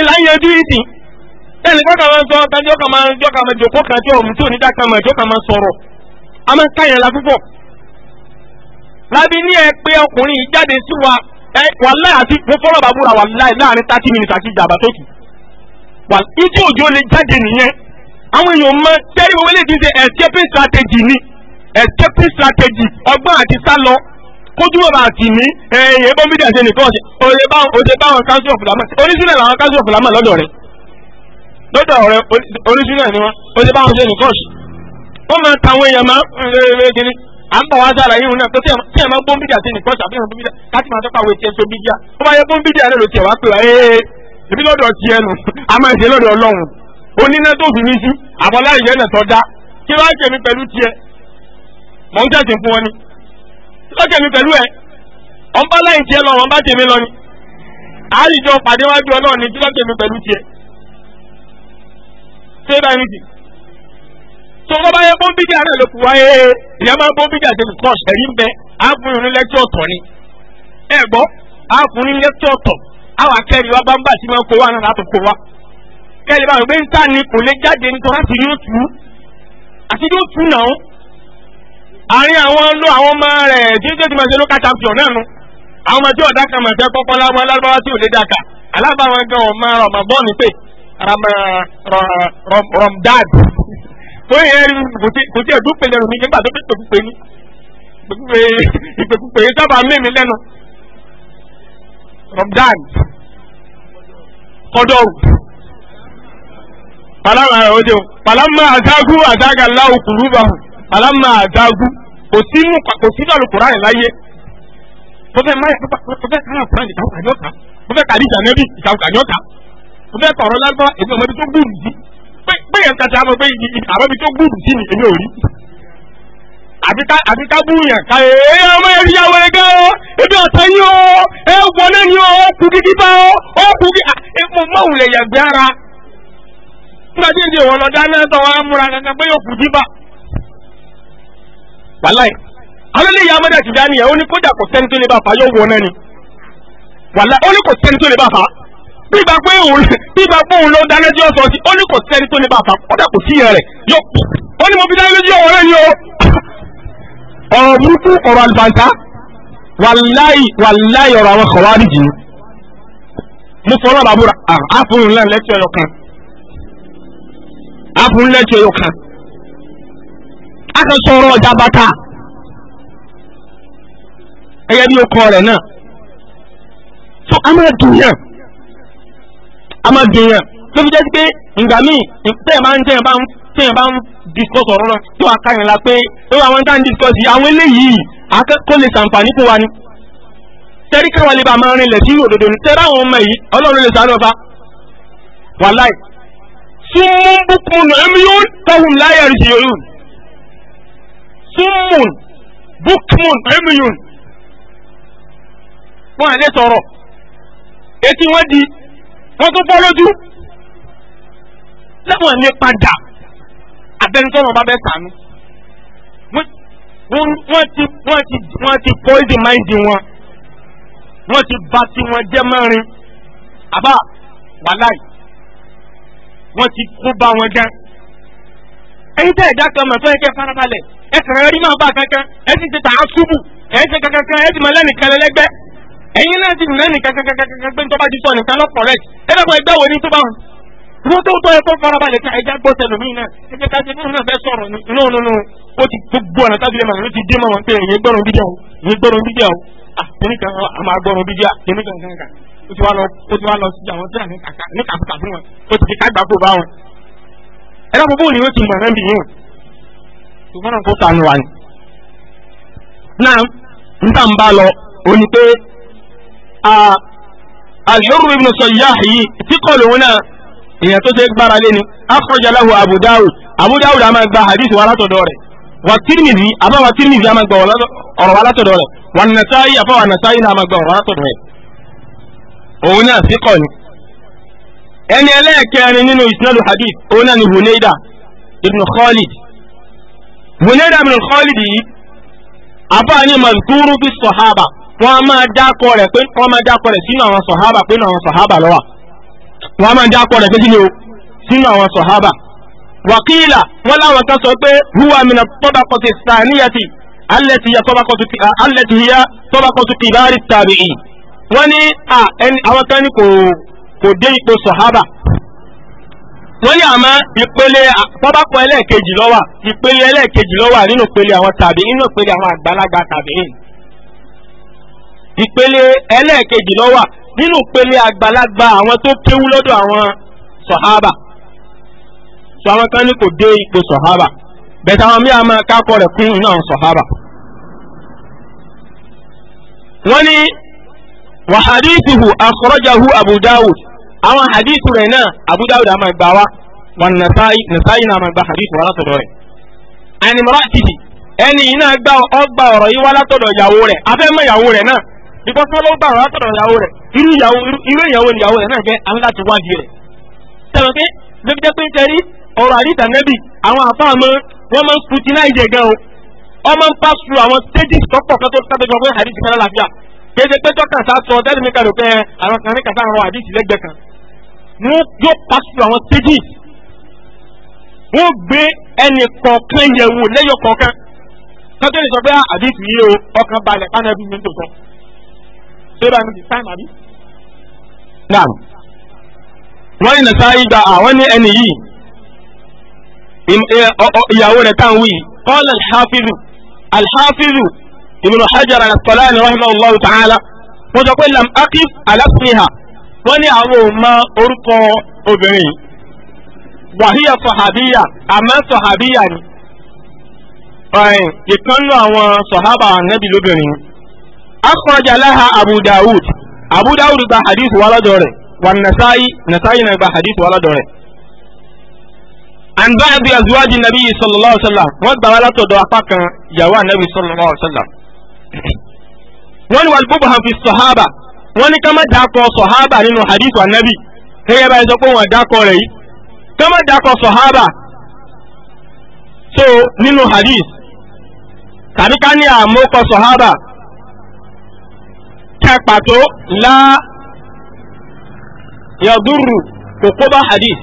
[SPEAKER 1] ìlànà yanjú ìsìn ẹnì kan máa ń sọ ọ̀tàn jọ́kàn máa ń jọ́kàn máa jòkó kan tí òun tí máa jọ́kàn sọ̀rọ̀ a máa ń káyàn la púpọ̀ lábí ní ẹ pé ọkùnrin yìí jáde sí wa ẹ wàláì àti mo fọ́rọ̀ bàbúrà wàláì láàrin thirty minutes àti ìjàmbá tó kù wà ìdí òjò lè jáde nìyẹn àwọn èèyàn mọ tẹ́lẹ̀ wọlé ti ṣe escaping strategy ni escaping strategy ọgbọ́n àti sálọ kójú ọba àti ní ẹ̀yẹ bọ́mídìí àti ẹnìkan ọ̀sẹ̀ òye báwọn òye báwọn council of lamar onísúnlẹ̀ làwọn council of lamar lọ́dọ̀ rẹ̀ lọ́dọ̀ rẹ̀ onísúnlẹ̀ ni wọ́n òye báwọn ṣe ẹnìkan ọ̀sẹ̀ wọ́n máa ta àwọn èèyàn máa ń lé lé kiri à ń bọ̀ wá sára yìí náà tó tí ẹ̀ máa ń gbóhùn bídíà sí ni kọ́sà fún ìhàn bídíà káàtì máa tọ́pa àwọn ètò ẹ̀sọ́ bídíà ó bá yẹ gbóhùn bídíà náà ló tiẹ̀ wá pè wá ee ìbí lọ́dọ̀ ti ẹnu a máa ṣe lọ́dọ̀ ọlọ́run oníná tó fi ní sí àbọ̀lá ìyẹn náà tọ́ da kí wá kèmí pẹ̀lú tiẹ̀ mọ̀ ń tẹ̀sìn fún ọ ni kí wá kèmí pẹ̀lú ẹ̀ ọ̀n bá láì tiẹ̀ lọ wọn bá tèmi lọ ni àyíjọ pàdé wájú ọlọ́run ni kí wá kèmí pẹ̀lú tiẹ̀ ṣé báyìí tó wọ́n bá yẹ bó ń bíjà náà ló kù wáyé ìyá máa bó ń bíjà ṣe nǹkan ṣẹ̀rí ń bẹ ákùnrin ní lẹ́jọ́ ọ̀tọ̀ ni ẹ gbọ́ ákùnrin lẹ́jọ́ ọ̀tọ̀ àwọn akẹ́rì wa bá ń bà tí wọ́n kó wa náà láti kó wa. kẹ́lẹ́ báyìí pé ń tà ní kò lè jáde nítorí àti yóò tú àti yóò tú náà àárín àwọn ló àwọn ọmọ rẹ̀ jíjẹ́ ti máa ṣe lókà champion náà nu àwọn ọmọ tó yẹ ẹrí kò tí ẹdún pè lẹnu mi nígbà tó pèpè púpè ní pèpè ìpè púpè yìí sábà mí mi lẹnu Ramadan kọdọrù palama ẹ ojo palama adagu adaga lawo kuruba palama adagu kò sínú kò sínú alukura yẹn láyé mo fẹ́ máa mo fẹ́ kára kuran ìtàwọn kàní ọ̀ka mo fẹ́ kàní ìtànẹ́bí ìtàwọn kàní ọ̀ka mo fẹ́ kọ̀ọ̀rọ̀ lágbá èmi ọmọdé tó gbòòrò yìí péyàn kàtà àmọ́ pé àbábi tó gbúdù sí ni èmi ò rí àfi ká búyàn ká ẹ ọmọ ẹ̀rí àwọn ẹgbẹ́ ọ ebi ọ̀tẹ̀ yín o ẹ wọlé ni o ọ kú kíkí bá ọ ọ kú kí ẹ mọ mọ̀wùlẹ̀ yàgbé ara nígbà tí èdè ìwọ̀n lọ́dá náà tọ́ wa múra kankan pé yóò kú kíkí bá. wàláì àwọn eléyìí amọ́dá ti dá nìyẹn ó ní kódà kò sẹ́ni tó lè bá fa yóò wọ náà ni wàláì ó ní kò sẹ́ni tó lè bá fa bígbà pé òun bígbà pé òun ló dáná jẹ́ ọ̀sán sí ó ní kò sẹ́ni tó lè bá àpapọ̀ ó dà kò sí yẹn rẹ̀ yọ ó ní mo fi dáná lójú ọ̀rọ̀ rẹ̀ ni o ọ̀rọ̀ burúkú ọ̀rọ̀ àlùbáńtà wàláì wàláì ọ̀rọ̀ àwọn kọ̀wárì jì mo fọ́ náà bàbúrà àfúnù náà lẹ́tí ọyọ kan àfúnù lẹ́tí ọyọ kan a kan sọ̀rọ̀ ọjà bàtà ẹ̀yẹ bí o kọ́ rẹ̀ náà tó a máa dùn yàn ama máa dùnyàn tó fi jẹ́ pé ìgbà míì tẹ́yìn bá ń tẹ́yìn bá ń tẹ́yìn bá ń discuss ọ̀rọ̀ náà tó wà káyìn la pé ó wà wọ́n tá ń discuss yìí àwọn eléyìí akẹ́kọ̀ọ́ lè ṣàǹfààní fún wa ni. tẹ́rí káwa lè bá máa rinlẹ̀ sínú òdodo ní tẹ́rẹ́ àwọn ọmọ yìí ọlọ́run lè sáré ọba wàláì. súnmùn bùkún ẹ̀mí yóò tọ́hùn láyà rìsì yòó súnmùn bùkún ẹ̀mí yòó. wọ́n àlẹ́ sọ̀rọ̀ wọ́n tún fọ́ lójú lẹ́wọ̀n ní padà abẹ́nusọ́nà ọba bẹ́ẹ̀ sànú wọ́n ti wọ́n ti wọ́n ti poison mind wọn wọ́n ti bà ti wọn jẹ́ mẹ́rin àbá wàláì wọ́n ti kó bá wọn jẹ́ ẹyin tẹ́ ẹ̀dá kan mọ̀ tó yẹ kẹ́ farabalẹ̀ ẹ kàn rí máa bá kankan ẹ sì ti tà á ṣubú ẹ sì kankan kan ẹ sì mọ lẹ́nìkan lẹ́lẹ́gbẹ́ ẹ̀yin náà ti rẹ́ nìkan kankan pé nítorí bá ti sọ nìkan lọ correct ẹ̀dàgbọ́n ẹgbẹ́ wo ni tó bá wọn. wọ́n tó tọ́ ẹ tó farabalẹ̀ ká ẹja gbọ́ tẹlumi náà kíkẹ́ ká ṣe fún náà fẹ́ sọ̀rọ̀ ó ti gbogbo ọ̀nà tábìlẹ̀ màá ló ti dé màá pé gbọ́rọ̀ o èyí gbọ́rọ̀ o a máa gbọ́rọ̀ bíjà tẹnìkan kankan ó ti wá alhurru ibn sayyah yìí tí kọlù wọn náà èèyàn tó ṣe gbára lé ni akhraja lahu abu dawud abu dawud a máa gba hadith wa látọ̀dọ̀ rẹ̀ wa tirmidhi àbá wa tirmidhi a máa gba ọ̀rọ̀ wa látọ̀dọ̀ rẹ̀ wa nasa'i àbá wa nasa'i náà a máa gba ọ̀rọ̀ látọ̀dọ̀ rẹ̀ òun náà sí kọ̀ ni. ẹni ẹlẹ́ẹ̀kẹrin nínú isnadu hadith òun náà ni huneida ibn khalid huneida ibn khalid yìí àbá ni mazkuru fi sahaba wọ́n a máa dákọ rẹ̀ pé wọ́n a máa dákọ rẹ̀ sínú àwọn sọ̀hábà pé nínú àwọn sọ̀hábà ló wà wọ́n a máa dákọ rẹ̀ pé sínú àwọn sọ̀hábà. wàkìlà wọn láwọn kan sọ pé huwa mina tọ́bakọ̀tì sàníyàtì alẹ́tì yẹ tọ́bakọ̀tì kìbárì tàbíì wọ́n ní àwọn kan ní kò kò dé ipò sọ̀hábà wọ́n ní àmọ́ ìpele tọ́bakọ̀ ẹlẹ́ẹ̀kejì ló wà ìpele ẹlẹ́ẹ̀kejì ló wà nínú ìpele àwọn tàbí nínú ìpele àwọn àgbàlagbà tàbíìn ìpele ẹlẹ́ẹ̀kejì ló wà nínú ìpele àgbàlagbà àwọn tó kéwú lọ́dọ̀ àwọn sọ̀hábà sọ àwọn kan ní kò dé ipò sọ̀hábà bẹ̀tẹ̀ àwọn míì àmọ́ kákọ́ rẹ̀ kún iná sọ̀hábà. wọ́n ní wà hadithuhu akhrajahu Abu Dawud àwọn hadithu rẹ̀ náà Abu Dawud àmọ́ ìgbà wa wọn Nasa'i Nasa'i náà àmọ́ ìgbà hadithu wa látọ̀dọ̀ rẹ̀. ànìmọ́ra tìtì ẹni iná gbà ọgbà ọ̀rọ̀ yìí wá látọ̀dọ̀ ìyàwó rẹ̀ afẹ́mọ̀ ìyàwó rẹ̀ náà because wọ́n ló bá àwọn látọ̀dọ̀ ìyàwó rẹ̀ irú ìyàwó irú ìyàwó ni ìyàwó rẹ̀ náà jẹ́ àwọn láti wádìí rẹ̀ tẹ̀wọ̀n pé lóbi jẹ́ pé ń tẹ̀rí ọ̀rọ̀ àdìtà nẹ́bì àwọn àfáàmọ́ wọ́n máa ń scrutinize gan o ọmọ ń pass through àwọn stages tọ́pọ̀ kan tó sábẹ́ jọ pé àdìsí kan lálàáfíà kéde pé tọ́ka sá sọ ọ̀dẹ́ni mi kàdó pé àwọn kan ní kàtà àwọn àdìsí lẹ́gbẹ̀ẹ́ kan wọ́n yóò pass through àwọn stages wọ́n gbé ẹnì kọ̀ọ̀kan yẹ̀wò lẹ́yọ̀ kọ̀ọ̀kan kọ́tẹ́lì sọ pé ah, àdìsí yìí o ọkàn balẹ̀ pánẹ́bí mi ń tò sọ ebe àná ti táìmù àbí. naam wọ́n ní nàṣà ìgbà àwọn ní ẹni yìí eh, ìyàwó rẹ̀ tá à ń wí qala alḥafizu alḥafizu ibn hajar al-asqalani rahimahullahu ta'ala wọ́n sọ pé lam akif alasmiha wọ́n ní àwọn ò mọ orúkọ obìnrin wàhíyà sọ̀hábíyà àmọ́ sọ̀hábíyà ni ìkànnù àwọn sọ̀hábà ànábì lóbìnrin akhraja laha abu dawud abu dawud gba hadith wa lọ́dọ̀ rẹ̀ wa nasa'i nasa'i na gba hadith wa lọ́dọ̀ rẹ̀. an ba'di azwaji nabi sallallahu alaihi wa sallam wọ́n gbà wá látọ̀dọ̀ apá kan yàwó anabi sallallahu alaihi wa sallam. wọ́n wà gbogbo hàn fi sọ̀hábà wọ́n ní ká má dákọ̀ sọ̀hábà nínú hadith wa nabi gẹ́gẹ́ bá yẹ pé wọ́n dákọ̀ rẹ̀ yìí ká má sọ̀hábà so nínú hadith tàbí ká ní àmókọ sọ̀hábà kan pàtó la yadurru kò kó bá hadith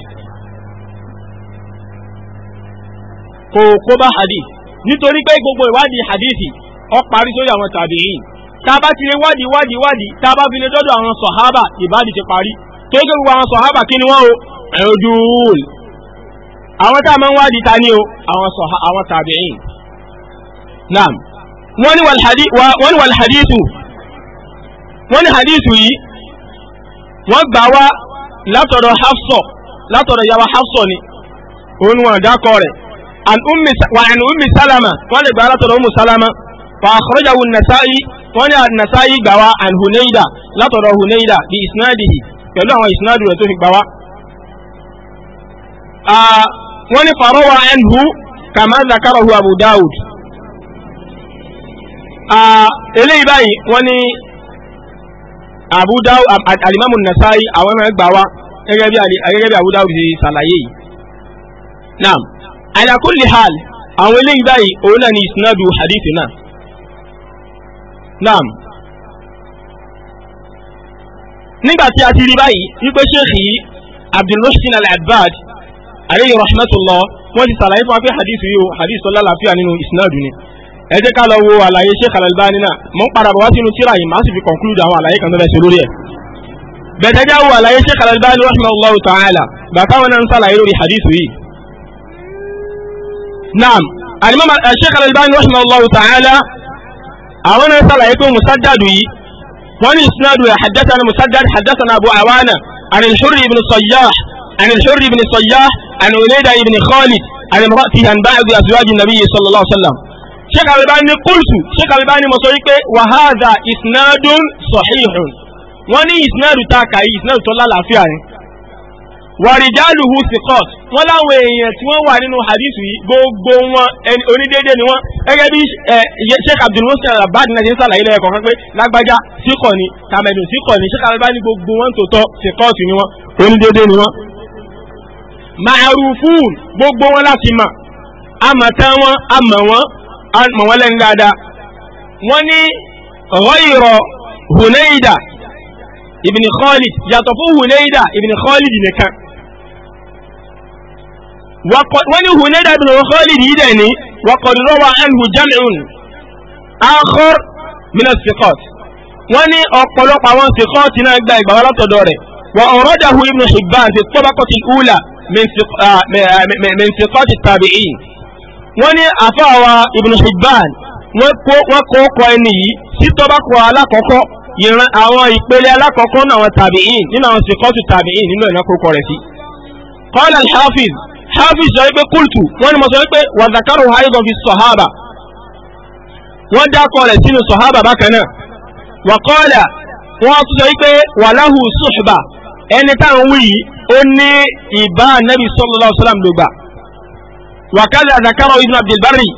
[SPEAKER 1] kò kó bá hadith nítorí pé gbogbo ìwádìí hadithi ó parí sórí àwọn tàbíyìn tá a bá ti lè wádìí wádìí wádìí tá a bá fi lè dọ́dọ̀ àwọn sọ̀hábà ìbádìí ti parí tó ń gbogbo àwọn sọ̀hábà kí ni wọ́n o ẹ̀rọ̀dùn àwọn tá a máa ń wádìí ta ni o àwọn tàbíyìn naam wọ́n ní wàlhadithu wọ́n ní hadithu yìí wọ́n gbà wá látọ̀dọ̀ hafsọ látọ̀dọ̀ yàwá hafsọ ni òun wọn dákọ rẹ̀ wà ní ummi salama wọ́n lè gbà látọ̀dọ̀ ummi salama wà àkọ́rọ́jàwò nasa'i wọ́n ní nasa'i gbà wá an huneida látọ̀dọ̀ huneida bí isnadihi pẹ̀lú àwọn isnadu rẹ̀ tó fi gbà wá. wọ́n ní farowa anhu kama zakarahu abu dawud. eléyìí báyìí wọ́n ní. Abu Dawud um, alimamu Nasa'i àwọn ẹ̀rọ gbà wá gẹ́gẹ́ bí Abu Dawud ṣe ṣàlàyé yìí. naam ala kulli hal àwọn eléyìí báyìí òun náà ni isnadu hadith náà. naam nígbà tí a ti rí báyìí wípé ṣéèkì yìí abdulrahman al-abbad aleyhi rahmatullah wọ́n ti ṣàlàyé fún wa pé hadith yìí o hadith sọlá làáfíà nínú isnadu ni. ẹjẹ ká lọ wo àlàyé ṣe Al-Albani náà mọ̀ ń padà bọ̀ wá sínú tíra yìí màá sì fi conclude àwọn àlàyé kan tó fẹ́ ṣe lórí ẹ̀. bẹ̀tẹ̀ já wo àlàyé Sheikh ní albani rahimahullahu ta'ala bàtà wọn náà ń sàlàyé lórí hadith yìí. naam ṣe alimam Sheikh ní albani rahimahullahu ta'ala àwọn náà ń sàlàyé pé musaddadu yìí wọ́n ní isnadu ya haddathana musaddad haddathana abu awana عن الحر بن الصياح عن الحر بن الصياح sheikh alibani kultu sheikh alibani mo sọ yìí pé wàhádà isnadun sọ̀híhùn wọ́n ní isnadu tá a kà yìí isnadu tó lálàáfíà ni wàrìjálùhù sikọt wọ́n láwọn èèyàn tí wọ́n wà nínú hadithu yìí gbogbo wọn ẹni onídéédé ni wọ́n gẹ́gẹ́ bí sheikh abdulmusin alabadi náà ṣe ń sàlàyé lẹ́yìn kọ̀ọ̀kan pé lágbájá síkọ ni kàmẹ́dùn síkọ ni sheikh alabani gbogbo wọn tó tọ́ sikọt ni wọ́n onídéédé ni wọ́n. ma'arufun gbogbo wọn láti mà àmọ̀tán wọn àmọ̀ wọn mọ̀ wọ́n lẹ́nu dáadáa wọ́n ní ghayra Hunayda ibn Khalid yàtọ̀ fún Hunayda ibn Khalid nìkan wọ́n ní Hunayda ibn Khalid yìí dẹ̀ ní wa qad rawa anhu jam'un akhar min as-siqat wọ́n ní ọ̀pọ̀lọpọ̀ àwọn siqat náà gba ìgbà wọn látọ̀dọ̀ rẹ̀ wa awradahu ibn Hibban fi at-tabaqati al min siqat at-tabi'in wọ́n ní àfáàwà Ibn Hibban wọ́n kó kọ ẹni yìí sí tọ́bákọ̀ alákọ̀ọ́kọ́ ìran àwọn ìpele alákọ̀ọ́kọ́ náà wọn tàbíìn nínú àwọn sèkọ́tù tàbíìn nínú ẹ̀nà kó rẹ̀ sí. qala hafiz Hafiz sọ wípé kultu wọ́n ní mo sọ wípé wàzàkàrò haidon fi sọ̀hábà wọ́n dákọ̀ rẹ̀ sínú sọ̀hábà bákan náà wa qala wọ́n tún sọ wípé wàláhù suhba ẹni táwọn wí ó ní ìbá Nabi sallallahu wàkàlẹ̀ àdàkàrọ̀ ibn abdulbari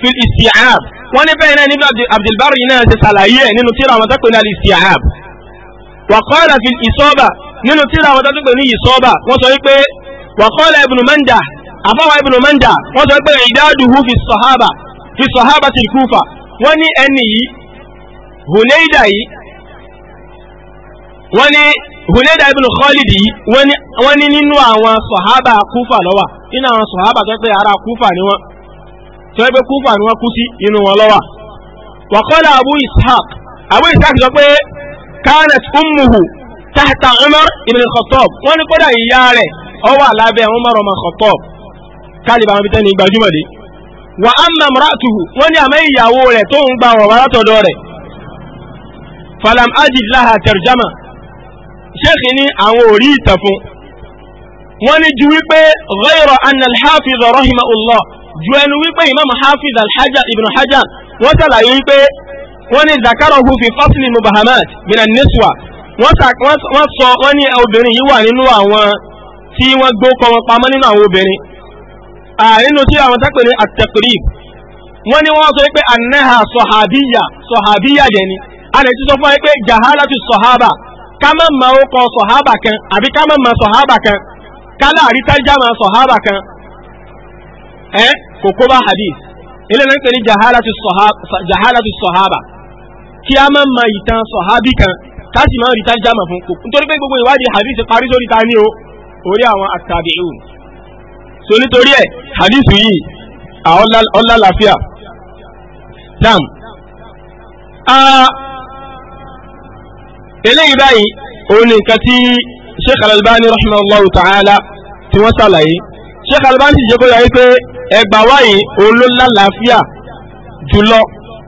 [SPEAKER 1] fi isti'ab wọ́n ní bẹ́ẹ̀ náà níbi abdulbari náà ṣe ṣàlàyé ẹ̀ nínú tíra àwọn tọ́pẹ̀ ní isti'ab wàkọ́lá fi ìsọ́ba nínú tíra àwọn tọ́pẹ̀ ní ìsọ́ba wọ́n sọ wípé wàkọ́lá ibn manda àbáwá ibn manda wọ́n sọ wípé ìdáduhu fi sọ̀hábà fi sọ̀hábà ti kúfà wọ́n ní ẹni yìí hùnẹ́ìdà yìí wọ́n ní Hunayda ibn Khalid yìí wọ́n ní nínú àwọn sọ̀hábà kúfà lọ́wà nínú àwọn sọ̀hábà tó pé ara kúfà ni wọ́n tó pé kúfà ni wọ́n kú sí inú wọn lọ́wà. Wa qala Abu Ishaq Abu Ishaq sọ pé kanat ummuhu tahta Umar ibn Khattab wọ́n ní kódà ìyá rẹ̀ ó wà lábẹ́ Umar ọmọ Khattab kálíbà wọn fi tẹ́ ní gbajúmọ̀ Wa amma imra'atuhu wọ́n ní àmọ́ ìyàwó rẹ̀ tó ń gba ọ̀rọ̀ látọ̀dọ̀ rẹ̀ falam ajid laha tarjama ṣéèkì ní àwọn ò rí ìtàn fún wọ́n ní ju wípé ghayra anna al-hafiz rahimahullah ju ẹnu wípé imam hafiz alhaja ibn hajar wọ́n ṣàlàyé wípé wọ́n ní zakarahu fi fasli mubahamat min an-niswa wọ́n sọ wọ́n ní obìnrin yìí wà nínú àwọn tí wọ́n gbó kọ́ wọn pamọ́ nínú àwọn obìnrin nínú tí àwọn tápẹ̀ ní at-taqrib wọ́n ní wọ́n sọ wípé annaha sahabiya sahabiya jẹ́ ni a lè ti sọ fún wa pé jahalatu sahaba Kama má ma ó kọ sọ̀hábà kan àbí ká má ma sọ̀hábà kan kálá àrí tẹ́jámà sọ̀hábà kan ẹ́ kò kó bá hadith ilé náà ń pè ní jahalatu sọ̀hábà kí a má ma ìtàn sọ̀hábì kan ká sì máa rí tẹ́jámà fún kò nítorí pé gbogbo ìwádìí hadith parí sórí ta ní o orí àwọn àtàbíù so nítorí ẹ̀ hadith yìí ọlá làáfíà dam. Uh, eléyìí báyìí òun ni nǹkan tí sheikh al-albani rahimahullahu ta'ala tí wọ́n ṣàlàyé sheikh al-albani sì jẹ́ kó yàrá pé ẹgbà wá yìí òun ló lálàáfíà jùlọ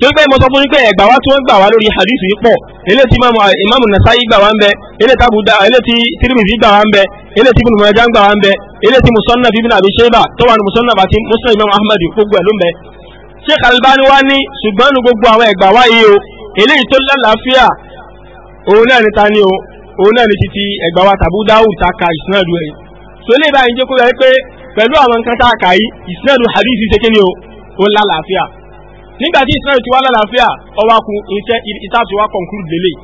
[SPEAKER 1] tó pé mo sọ fún yín pé ẹgbà wá tí wọ́n gbà wá lórí hadith yìí pọ̀ eléyìí tí imaamu nasayi gbà wá ń bẹ eléyìí tábù dá eléyìí tí tirimizi gbà wá ń bẹ eléyìí tí ibn majah gbà wá ń bẹ eléyìí tí musannaf ibn abi shayba tó wà ní musannaf imaamu ahmad gbogbo ẹ̀ ló ń bẹ sheikh al-albani wá ṣùgbọ́n nu gbogbo àwọn ẹgbà wá yìí o eléyìí tó lálàáfíà òun náà ni ta ni o òun náà ni títí ẹgbà wa tàbí dáhùn ta ka ìsinadu ẹ̀ so lè báyìí jẹ́ kó yẹ pé pẹ̀lú àwọn nǹkan tá a kà yìí ìsinadu hadith ṣe kíni o ó ń lálàáfíà nígbà tí ìsinadu ti wá lálàáfíà ọwọ́ akun iṣẹ́ ìta ti wá conclude lélẹ̀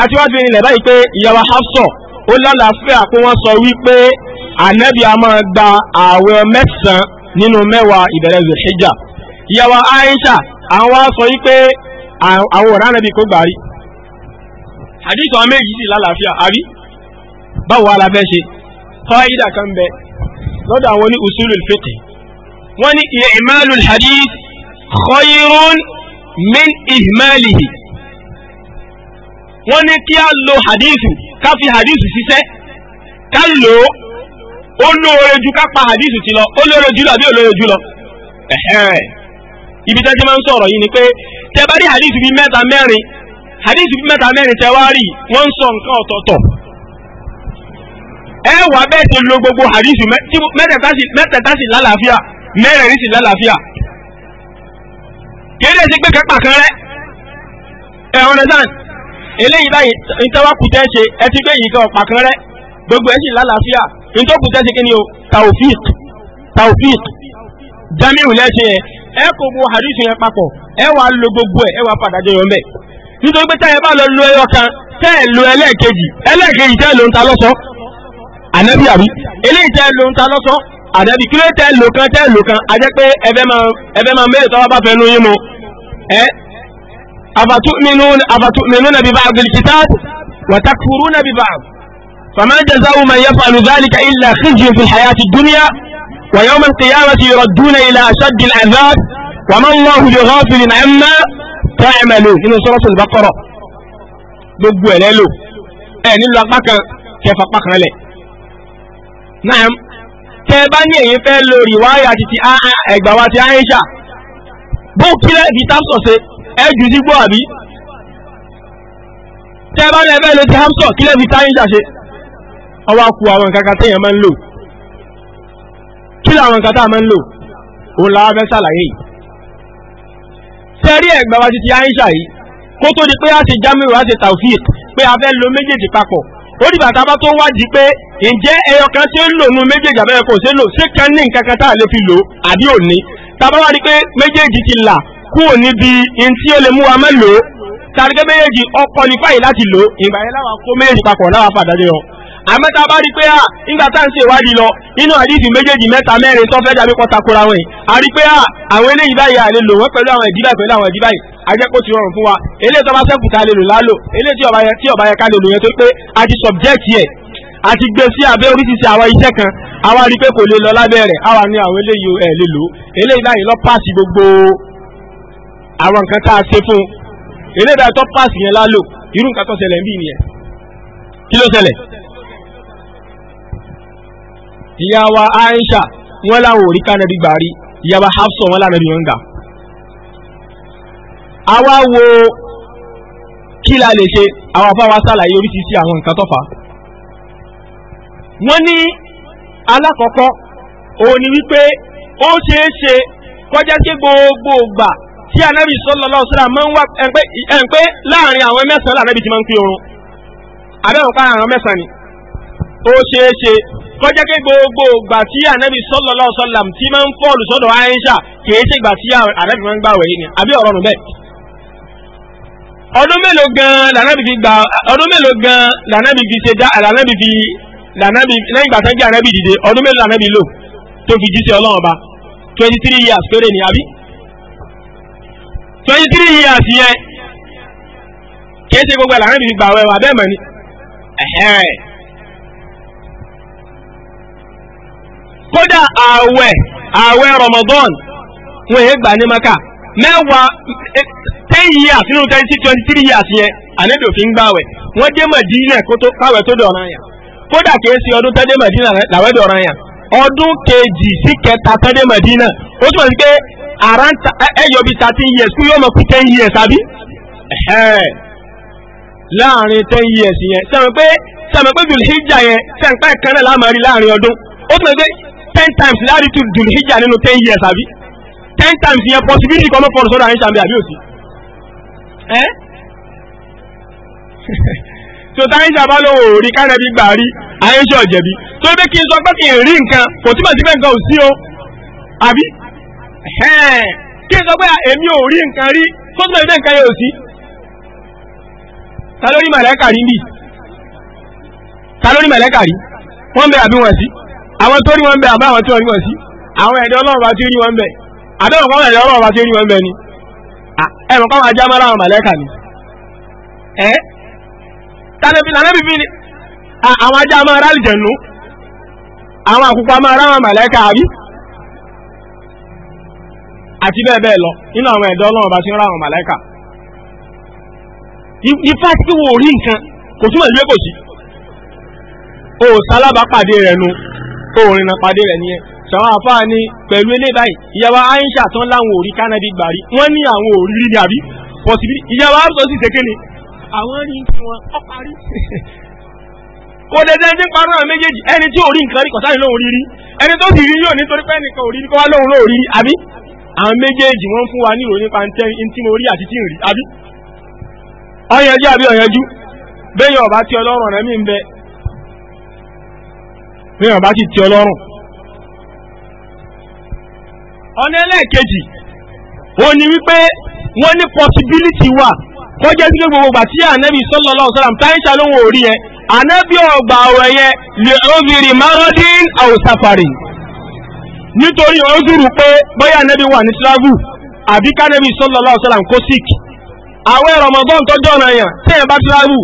[SPEAKER 1] àti wá bìnrin lẹ̀ báyìí pé ìyàwó Hafsọ ó lálàáfíà pé wọ́n sọ wípé ànábì a gba ààwẹ̀ mẹ́sàn-án nínú mẹ́wàá ìbẹ̀rẹ̀ Zulhijja ìyàwó Aisha àwọn wá sọ wípé àwọn ọ̀rá nàbí kó gbà rí hadith àwọn méjì sì lálàáfíà àbí báwo wà láfẹ́ ṣe qaida kan bẹ lọ́dọ̀ àwọn ní usulul fiqh wọ́n ní i'malul hadith khayrun min ihmalihi wọ́n ní kí a lo hadithu ká fi hadithu ṣiṣẹ́ ká lò ó ó lóore ju ká pa hadithu ti lọ ó lóore jù lọ àbí ó lóore jù lọ ibi tí máa ń sọ̀rọ̀ yìí ni pé tẹ bá rí hadith bíi mẹ́ta mẹ́rin hadith bíi mẹ́ta mẹ́rin tẹ wá rí wọ́n ń sọ nǹkan ọ̀tọ̀ọ̀tọ̀ ẹ wà bẹ́ẹ̀ ti lo gbogbo hadith mẹ́tẹ̀ẹ̀ta sì lálàáfíà mẹ́rẹ̀ẹ̀rin sì lálàáfíà kéde sí pé kápá kan rẹ ẹ ọ̀nẹ́sán eléyìí báyìí nítorí wàá kùtẹ́ ṣe ẹ ti gbé yìí kan ọ̀pá kan rẹ gbogbo ẹ sì lálàáfíà nítorí ṣe kí ni o taofik taofik jamiu lẹ́sìn ẹ kò bu hadith yẹn papọ̀ ẹ wàá lo gbogbo ẹ ẹ wàá padà jẹyọ mbẹ nítorí pé táyà bá lọ lo ẹyọ kan tẹ́ ẹ lo ẹlẹ́ẹ̀kejì ẹlẹ́ẹ̀kejì tẹ́ ẹ lo ń ta lọ́sọ ànábì àbí eléyìí tẹ́ ẹ lo ń ta lọ́sọ ànábì kí ló ẹ lo kan tẹ́ ẹ lo kan a pé ẹfẹ́ máa ẹfẹ́ máa mẹ́rin tọ́wọ́ bá fẹ́ nu yín mu ẹ afatu'minuna bi ba'dil kitab wa takfuruna bi ba'd ويوم القيامة يردون إلى أشد العذاب وما الله بغافل عما تعملون إنه سورة البقرة gbogbo ẹ̀ lẹ́lò ẹ̀ nílò apá kan kẹfà apá kan lẹ̀. náà tẹ bá ní èyí fẹ́ lo rìwáyà títí ẹgbà wa ti Aisha bó kílẹ̀ fi tamsọ̀ ṣe ẹ jù sí gbọ́ àbí. tẹ bá ní ẹ fẹ́ lo ti hamsọ̀ kílẹ̀ fi Aisha ṣe ọwọ́ akú àwọn kankan téèyàn máa ń lò kí làwọn nǹkan tá a máa ń lò òun làwọn fẹ́ ṣàlàyé yìí sẹ́rí ẹ̀gbà wa ti ti Aisha yìí kó tó di pé a ti jamiu a ti taofik pé a fẹ́ lo méjèèjì papọ̀ ó dìgbà tá a bá tó wádìí pé ǹjẹ́ ẹyọ kan ṣe ń lò nu méjèèjì abẹ́rẹ́ kò ṣe ń lò ṣé kan ní nǹkan kan tá a lè fi lò àbí òní tá a bá pé méjèèjì ti là kúrò níbi ntí ó lè mú wa mọ́ lò ó méjèèjì ọkọ̀ nípa yìí láti lò ìgbà yẹn láwa kó méjèèjì papọ̀ láwa fàdájọ́ yọ àmọ́ tá a bá rí i pé à nígbà tá à ń ṣe ìwádìí lọ nínú àdìsí méjèèjì mẹ́ta mẹ́rin tó fẹ́ dàbí kọ́ takora wọn yìí a rí i pé à àwọn eléyìí báyìí à lè lò wọ́n pẹ̀lú àwọn ìdíbà pẹ̀lú àwọn ìdíbà yìí ajẹ́pọ̀ ti rọrùn fún wa eléyìí tó bá ṣẹ́kù ká lè lò lálò eléyìí tí ọ̀bá yẹ ká lè lò yẹn tó pé a ti subject yẹ a ti gbé sí abẹ́ oríṣiríṣi àwọn iṣẹ́ kan àwa rí i pé kò lè lọ lábẹ́ rẹ̀ àwa ní àwọn eléyìí ẹ̀ lè lò eléyìí báyìí lọ páàsì gbogbo àwọn nǹkan tá a ṣe fún un eléyìí báyìí tó páàsì yẹn lálò irú nǹkan tó ṣẹlẹ̀ ń bì nìyẹn kí ló ṣẹlẹ̀ ìyàwó Aisha wọn làwọn òrí kánẹ́bí gbà rí ìyàwó Hafsa wọn lànà ìyọ̀ ń gà. àwa wo kí la lè ṣe àwọn afáwa sàlàyé oríṣiríṣi àwọn nǹkan tó fà á. wọ́n ní alákọ̀ọ́kọ́ òun ni wípé ó ṣeé ṣe kọjá sí gbogbo ìgbà tí anábì sallallahu alaihi wasallam máa ń wá ẹ̀ǹpẹ́ láàrin àwọn mẹ́sàn-án lànàbì ti máa ń pín oorun abẹ́rùn kára àwọn mẹ́sàn-án ni ó ṣeé ṣe kọjá pé gbogbo ìgbà tí ànábì sallallahu alaihi wasallam tí máa ń fọ́ọ̀lù sọ́dọ̀ Aisha kìí ṣe ìgbà tí ànábì máa ń gbà wẹ̀ yìí ni àbí ọ̀rọ̀ nù bẹ́ẹ̀. ọdún mélòó gan-an lànábì fi gbà ọdún mélòó gan-an lànábì fi ṣe dá lànábì fi lànábì lẹ́yìn ìgbà tán jẹ́ ànábì dìde ọdún mélòó lànábì lò tó fi jíṣẹ́ ọlọ́run ọba twenty three years péré ni àbí twenty three years yẹn kìí ṣe gbogbo lànábì fi gbà wẹ̀ wà bẹ́ẹ̀ mọ̀ kódà ààwẹ̀ ààwẹ̀ Ramadan wọn èyí gbà ní maka mẹ́wàá eh, ten years nínú twenty twenty three years yẹn ànádò fi ń gbàwẹ̀ wọ́n dé Madina kó tó káwẹ̀ tó dọ̀ràn yà kódà kìí ṣe ọdún tẹ́dé Madina làwẹ̀ dọ̀ràn yà ọdún kejì sí kẹta tẹ́dé Madina ó túmọ̀ sí pé around ẹyọ bíi thirteen years kú yóò mọ̀ kú ten years àbí láàrin ten years yẹn sẹ́mi pé sẹ́mi pé Dhul Hijjah yẹn sẹ́mi pé kẹ́rẹ́ láàmú rí láàrin ọdún ó túmọ̀ sí pé ten times láti tu dùn hijab nínú ten years àbí ten times yẹn possibility kọ́ ló fọ́ọ̀rọ̀ sọ́dọ̀ àyíṣà mi àbí òsì. tó táyíṣà bá lówó rí kárẹ́ bí gbà rí àyíṣà ọ̀jẹ̀bí tó yẹ kí n sọ pé kí n rí nǹkan kò túmọ̀ sí pé nǹkan ò sí o àbí kí n sọ pé èmi ò rí nǹkan rí kó túmọ̀ sí pé nǹkan yẹn ò sí. ta ló rí màlẹ́kà rí bì ta ló rí màlẹ́kà rí wọ́n bẹ̀rẹ̀ àbí wọ́n sí àwọn tó rí wọn bẹ àbá àwọn tí wọn rí wọn sí àwọn ẹ̀dọ́ ọlọ́run bá ti rí wọn bẹ àdéhùn kọ́ ẹ̀dọ́ ọlọ́run bá ti rí wọn bẹ ni ẹ̀rọ kọ́ wọn ajá mọ́ra àwọn màlẹ́kà ni ẹ́ tàbí lànàbí fi ni àwọn ajá mọ́ra àlìjẹ̀nu àwọn àkùkọ mọ́ra àwọn màlẹ́kà àbí àti bẹ́ẹ̀ bẹ́ẹ̀ lọ nínú àwọn ẹ̀dọ́ ọlọ́run bá ti rí àwọn màlẹ́kà ifá tí wò rí nǹkan kò túmọ̀ ìlú èkó sí o sálábà pàdé rẹ̀ nu tó orin náà pàdé rẹ̀ nìyẹn sọ̀rọ̀ àfáà ni pẹ̀lú ilé báyìí ìyàwó Aisha tán láwọn òrí kánádì gbàrí wọ́n ní àwọn òrí rí ni àbí pọ̀sibí ìyàwó àbúrò sì tẹ́kẹ́ ni àwọn rí wọn ọ parí. kò dẹ́dẹ́ ní parí àwọn méjèèjì ẹni tí òrí nǹkan rí kọ̀ sáré lóhùn rírí ẹni tó sì rí yóò nìkan òrí wá lóhùn lóhùn rírí àbí àwọn méjèèjì fún wa ní ìròyìn bí wọn bá sì ti ọlọ́run. ọ̀nà ẹlẹ́ẹ̀kejì ó ní wípé wọ́n ní possibility wà kọjá sí gbogbo gbà tí ànábì sallallahu alaihi wasallam táyíṣà ló ń wò rí yẹn ànábì ọgbà ọ̀rọ̀ yẹn lè obìnrin marodin aw safari nítorí ó dúró pé bóyá ànábì wà ní travel àbí kánábì sallallahu alaihi wasallam kó sick àwẹ̀ Ramadan tọ́jú ọ̀nà yẹn tẹ́yìn bá travel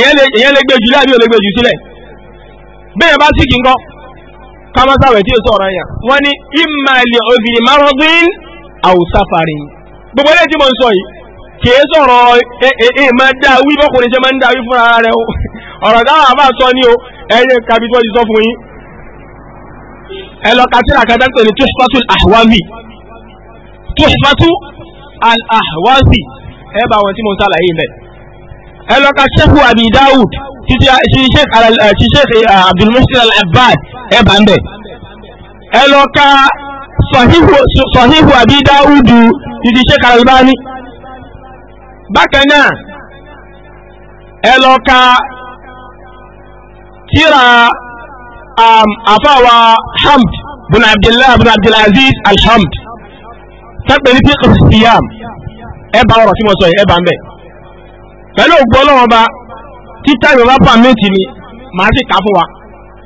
[SPEAKER 1] èyàn lè gbé jù láàbí ò lè gbé jù sílẹ̀ bẹ́ẹ̀ bá síkì ńkọ́ kámásàwẹ̀ tí ó sọ̀rọ̀ yẹn wọ́n ní ìmàlẹ̀ òbìrì márọ́dún gbogbo ilé tí mo ń sọ yìí kìí sọ̀rọ̀ èèyàn máa dá wí bọ́kùnrin ṣe máa ń dá wí fúnra rẹ o ọ̀rọ̀ táwọn àbá sọ ni o ẹ̀yẹ kabi tó ti sọ fún yín ẹ lọ pé ní al ẹ bá wọn tí mo ń sàlàyé Abi Dawud títí ṣiṣẹ́ eh, eh, eh, abdulmusin al-abbad ẹ bá ń bẹ̀ ẹ lọ ka sọ̀híhù àbí dáúdù títí ṣe al bákan náà ẹ lọ ka tíra um, àfáwà hamd bin abdullah bin abdulaziz alhamd tẹ́pẹ̀ ní fíkì siyam ẹ bá ọ̀rọ̀ tí mo sọ yìí ẹ bá ń bẹ̀ pẹ̀lú ògbọ́n lọ́wọ́ bá títà yorùbá pàmẹ́ǹtì ni màá sì kà fún wa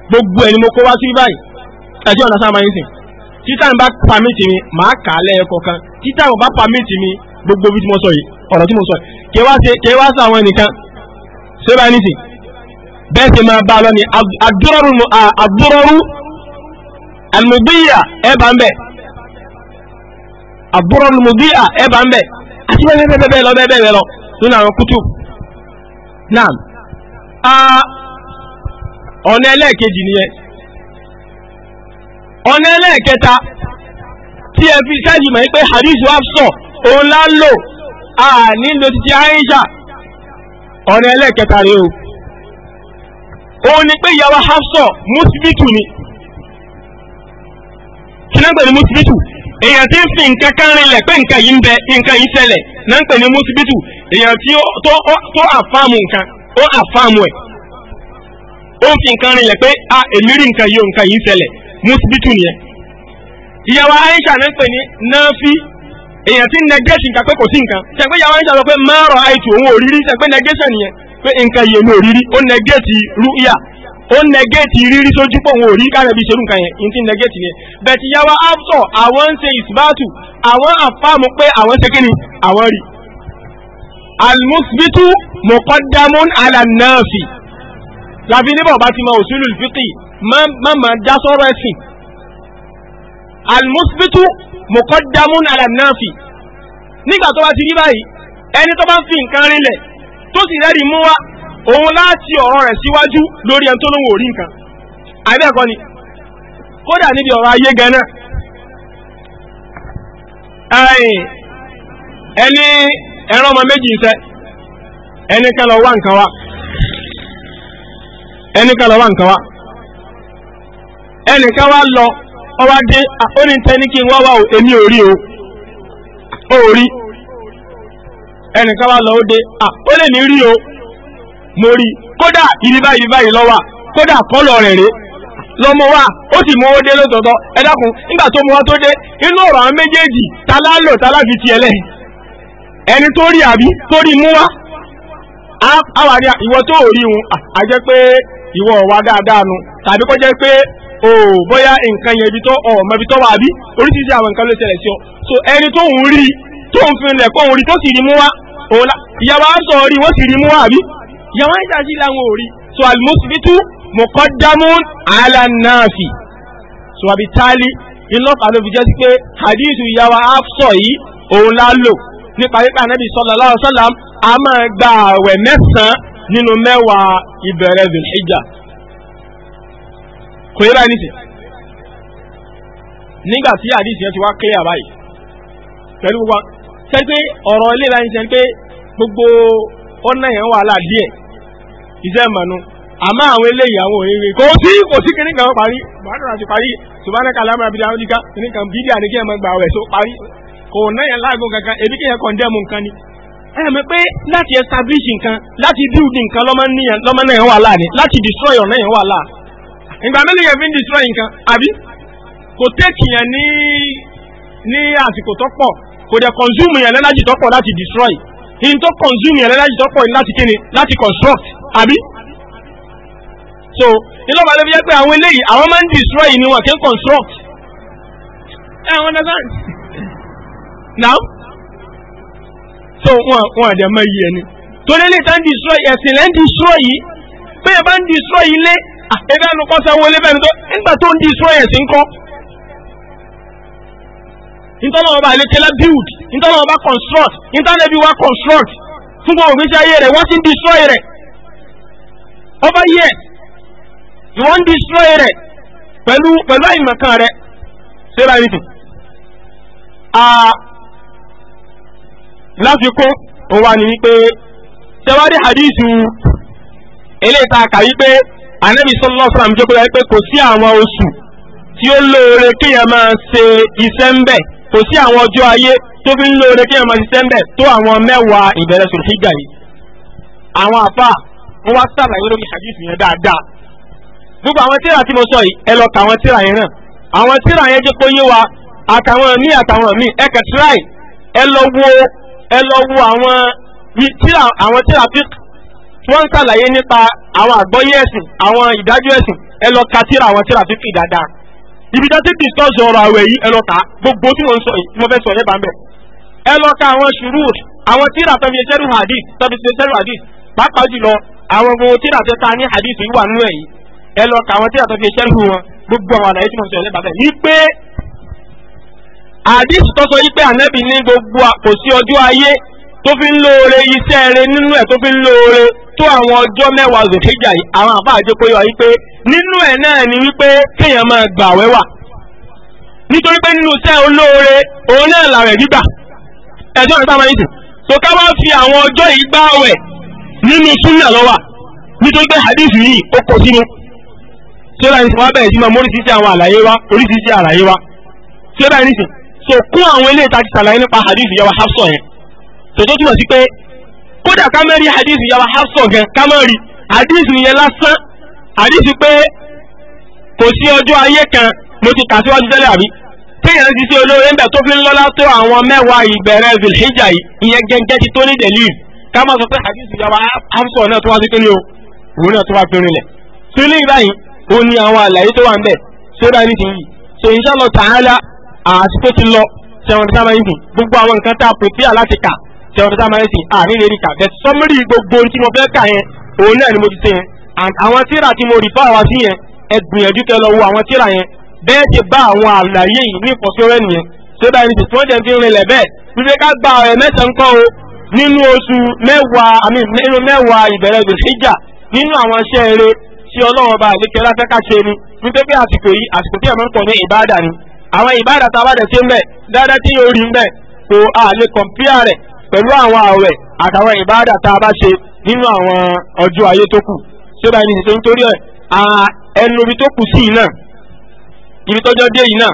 [SPEAKER 1] gbogbo ẹni mo kó wá sí báyìí ẹjọ́ ọ̀nà sáà máa ń sìn títà yorùbá pàmẹ́ǹtì mi màá kà á lẹ́ẹ̀kọ̀ kan títà yorùbá pàmẹ́ǹtì mi gbogbo bí mo sọ yìí ọ̀rọ̀ tí mo sọ yìí kí wá sí àwọn ẹnìkan ṣé báyìí nìsín bẹ́ẹ̀ sì máa bá a lọ ní àdúrọ́rù àlùmùbíyà ẹ̀ bá ń bẹ̀ àdúrọ́rù àlùmùbíyà ẹ̀ bá ń bẹ̀ àti bẹ́ẹ̀ bẹ́ẹ̀ bẹ́ẹ̀ lọ bẹ́ẹ̀ bẹ́ẹ̀ lọ nínú àwọn kútù náà a ọ̀nà ẹlẹ́ẹ̀kejì nìyẹn ọ̀nà ẹlẹ́ẹ̀kẹta tí ẹ fi káàdì mọ̀ pé hadith Hafsa òun lá ń lò a nílò títí Aisha ọ̀nà ẹlẹ́ẹ̀kẹta rèé o òun ni pé ìyàwó Hafsa musbitu ni kí náà ń pè ní musbitu èèyàn tí ń fi nǹkan kan rinlẹ̀ pé nǹkan yìí ń bẹ nǹkan yìí ṣẹlẹ̀ náà ń pè ní musbitu èèyàn tí ó tó àfáàmù nǹkan. ó àfàmù ẹ̀ ó ń fi nǹkan rinlẹ̀ pé a ah, èmi rí nǹkan yìí nǹkan yìí ṣẹlẹ̀ mùsùlùmí nìyẹn. ìyàwó Aisha ní pè ní na èèyàn ti nẹgẹ́sì nǹkan pé kò sí nǹkan ṣe pé ìyàwó Aisha sọ pé márùn àìtù òun òrírí ṣe pé nẹgẹ́sì nìyẹn pé nǹkan yìí èmi òrírí ó nẹgẹ́sì rúíyà ó nẹgẹ́tì rírí sójú pé òun ò rí kárẹ̀bí ṣerú nǹkan yẹn ní ti nẹgẹ́tì yẹn bẹ̀tì yàwá absọ àwọn ṣe ìsìbáàtù àwọn àfáàmù pé àwọn ṣe kíni àwọn rí almusbitu muqaddamun ala nafi láfi níbọ̀ bá ti mọ usulul fiqi má má dá sọ́rọ̀ ẹ̀sìn almusbitu muqaddamun ala nafi nígbà tó bá ti rí báyìí ẹni tó bá ń fi nǹkan rinlẹ̀ tó sì rẹ́rìí mú wá òun láti ọ̀rọ̀ rẹ̀ síwájú lórí ẹni tó lóun ò nǹkan àbí ni kódà níbi ọ̀rọ̀ ayé gan-an ẹni ẹran ọmọ méjì ń sẹ́ ẹni ká lọ wá ẹni lọ wá ẹni lọ ọwá dé àórí tẹni kí n wá o ori ẹni ká lọ ó o mori kódà ìdí báyìí kódà kọ́lọ̀ rẹ̀ wa ó sì mú owó dé ẹ dákun nígbà tó mú wa tó dé inú ọ̀rọ̀ àwọn méjèèjì tiẹ̀ àwárí ìwọ tó rí un a jẹ́ pé ìwọ wà dáadáa nu tàbí kó jẹ́ pé o bóyá nǹkan yẹn ibi tó ọmọ ibi tó wà bí oríṣiríṣi àwọn nǹkan ló ṣẹlẹ̀ sí ọ so ẹni tó ń rí tó ń finlẹ̀ kó ń rí tó sì rí mú wá òun ìyàwó aṣọ rí wọ́n sì rí mú wá bí ìyàwó aṣọ sí làwọn ò rí so almusbitu muqaddamun ala nafi so àbí tálí iná kan ló fi jẹ́ sí pé hadith ìyàwó aṣọ yìí òun lá lò nípa pípa ànábì sallallahu alaihi wasallam a máa gba àwẹ̀ mẹ́sàn nínú mẹ́wàá ìbẹ̀rẹ̀ zulhijja kò yẹ báyìí nìsín nígbà tí àdìsí yẹn ti wá clear báyìí pẹ̀lú wa ṣe pé ọ̀rọ̀ ilé ìlànà ìṣẹ́ pé gbogbo ọ̀nà yẹn wà ládìẹ̀ iṣẹ́ ìmọ̀nù àmọ́ àwọn eléyìí àwọn òrìrì kò sí kò sí kíní kan parí bàdàrà ti parí subhanaka alámàbíyá ọdíkà kíní kan bídíà ní kí ẹ máa gbà wẹ̀ tó parí kò náyà láàgùn kankan èbí kí ẹ̀kọ́ ndẹ́mu nǹkan ni. ẹ mọ̀ pé láti establish nǹkan láti build nǹkan lọ́mọ náà wà láàní láti destroy ọ̀nà yẹn wà láà. ìgbà mélòó yẹn fi ń destroy nǹkan àbí kò tẹ́kì yẹn ní ní àsìkò tó pọ̀ kò dẹ̀ consume yẹn lẹ́lájì tó pọ̀ láti destroy in tó consume yẹn lẹ́lájì tó pọ̀ láti kíni láti construct àbí. so nílò balẹ̀ fi jẹ́ pé àwọn eléyìí àwọn máa ń destroy ni wọn kì í construct. ẹ àwọn understand. Now, so wọn wọn àdẹ mọ iye ẹni torí ilé tá ń destroy ẹ̀sìn lẹ́ ń destroy yìí bẹ́ẹ̀ bá ń destroy yìí lé ebi àlùkọ́ sanwó lé bẹ́ẹ̀ ni tó nígbà tó ń destroy ẹ̀sìn kọ́ nítorí ọba àlekela build nítorí ọba construct nítorí ẹbí wa construct fún gbogbo òbí sáyé rẹ̀ wọ́n ti ń destroy rẹ̀ over years ni wọ́n ń destroy rẹ̀ pẹ̀lú pẹ̀lú àyìnbọn kan rẹ̀ ṣé báyìí nìkan láfikún òun wà ní wípé tẹwádé hadithu eléyìí tá a kà wípé anabi sallallahu alaihi wasallam jẹ́ pé kò sí àwọn oṣù tí ó lóore kéèyàn máa ṣe iṣẹ́ ń bẹ̀ kò sí àwọn ọjọ́ ayé tó fi ń lóore kéèyàn máa ṣiṣẹ́ ń bẹ̀ tó àwọn mẹ́wàá ìbẹ̀rẹ̀ sòrìṣìgà yìí àwọn àfà wọn wá sàlàyé lórí hadith yẹn dáadáa gbogbo àwọn tíra tí mo sọ yìí ẹ lọ kà àwọn tíra yẹn náà àwọn tíra yẹn jẹ́ kó yé wa àtàwọn míì àtàwọn míì ẹ kẹ̀ ẹ lọ wo ẹ lọ wo àwọn tíra àwọn tíra fík tí wọ́n ń ṣàlàyé nípa àwọn àgbọ́yé ẹ̀sìn àwọn ìdájọ́ ẹ̀sìn ẹ lọ ka tíra àwọn tíra dáadáa ibi tó ti dìstọ́sì ọ̀rọ̀ àwẹ̀ yìí ẹ lọ kà á gbogbo tí mo fẹ́ sọ yẹn bá ń bẹ̀ ẹ lọ ka àwọn ṣùrù àwọn tíra tó fi ṣẹ́rù hadith tó fi ṣẹ́rù hadith pàápàá jùlọ àwọn ohun tíra tó ta ní hadith yìí wà nínú ẹ̀ yìí ẹ lọ ka àwọn tíra tó fi ṣẹ́rù wọn gbogbo àwọn àlàyé tí mo sọ yẹn bá àdìsí tó sọ yí pé ànábì ní gbogbo kò sí ọjọ́ ayé tó fi ń lóore iṣẹ́ rẹ nínú ẹ̀ tó fi ń lóore tó àwọn ọjọ́ mẹ́wàá zòkèjà yìí àwọn àbá àjẹpọ̀ yọ wípé nínú ẹ̀ náà ni wípé kéèyàn máa gbà wẹ́wà nítorí pé nínú iṣẹ́ olóore òun náà làwẹ̀ gbígbà ẹ̀jọ́ rẹ̀ sáà máa ń sìn tó ká wá fi àwọn ọjọ́ yìí gbá wẹ̀ nínú súnà lọ́wà nítorí pé hadith yìí ó kó sínú ṣé báyìí wá bẹ̀rẹ̀ sí máa móríṣiṣẹ́ àwọn àlàyé wa oríṣiṣẹ́ àlàyé wa ṣé báyìí nìsín kò kún àwọn ilé ìtajà sàlàyé nípa hadith yàwá hafsọ yẹn tòótọ́ túmọ̀ sí pé kódà kámẹ́rì hadith yàwá hafsọ gan kámẹ́rì hadith yẹn lásán hadith pé kò sí ọjọ́ ayé kan mo ti kà síwájú tẹ́lẹ̀ àbí téèyàn ti ṣe olóore ńbẹ tó fi ń lọ́lá tó àwọn mẹ́wàá ìbẹ̀rẹ̀ zilhijja yìí ìyẹn gẹ́gẹ́ ti tó ní delil ká má sọ pé hadith yàwá hafsọ náà tó wá sí kíni o òun náà tó wá fi rinlẹ̀ sílẹ̀ báyìí ó ní àwọn àlàyé tó wà ń bẹ̀ sódà nídìí yìí so inshallah ta'ala àti tó ti lọ sẹwọn tí a máa ń sìn gbogbo àwọn nǹkan tá a prepare láti kà sẹwọn tí a máa ń sìn àní lè rí kà bẹ́ẹ̀ sọmírì gbogbo ohun tí mo fẹ́ kà yẹn òun náà ni mo ti ṣe yẹn àwọn tíra tí mo rí fún àwa sí yẹn ẹ gbìyànjú kẹ́ lọ wo àwọn tíra yẹn bẹ́ẹ̀ ti bá àwọn àlàyé yìí ní ìfọ̀sọ́rẹ́ nìyẹn tó bá yẹn ti tí wọ́n jẹ́ fi rinlẹ̀ bẹ́ẹ̀ wípé ká gba ọ̀rẹ́ mẹ́sàn ń kọ́ o nínú oṣù mẹ́wàá àmì nínú mẹ́wàá ìbẹ̀rẹ̀ gbèsèjà nínú àwọn iṣẹ́ eré tí ọlọ́run ọba àlékẹ́ láfẹ́ ká ṣe ni wípé pé àsìkò yìí àsìkò tí ẹ̀ máa ń pọ̀ ní ìbáàdà ni àwọn ìbáàdà tá a bá dẹ̀ ṣe ń bẹ̀ dáadáa tí yóò rí ń bẹ̀ kò a lè kọ̀mpíà rẹ̀ pẹ̀lú àwọn àwẹ̀ àtàwọn ìbáàdà tá a bá ṣe nínú àwọn ọjọ́ ayé tó kù tí ó bá ní ìṣètò nítorí ẹ̀ ẹnu ibi tó kù sí yìí ibi tọ́jọ́ dé yìí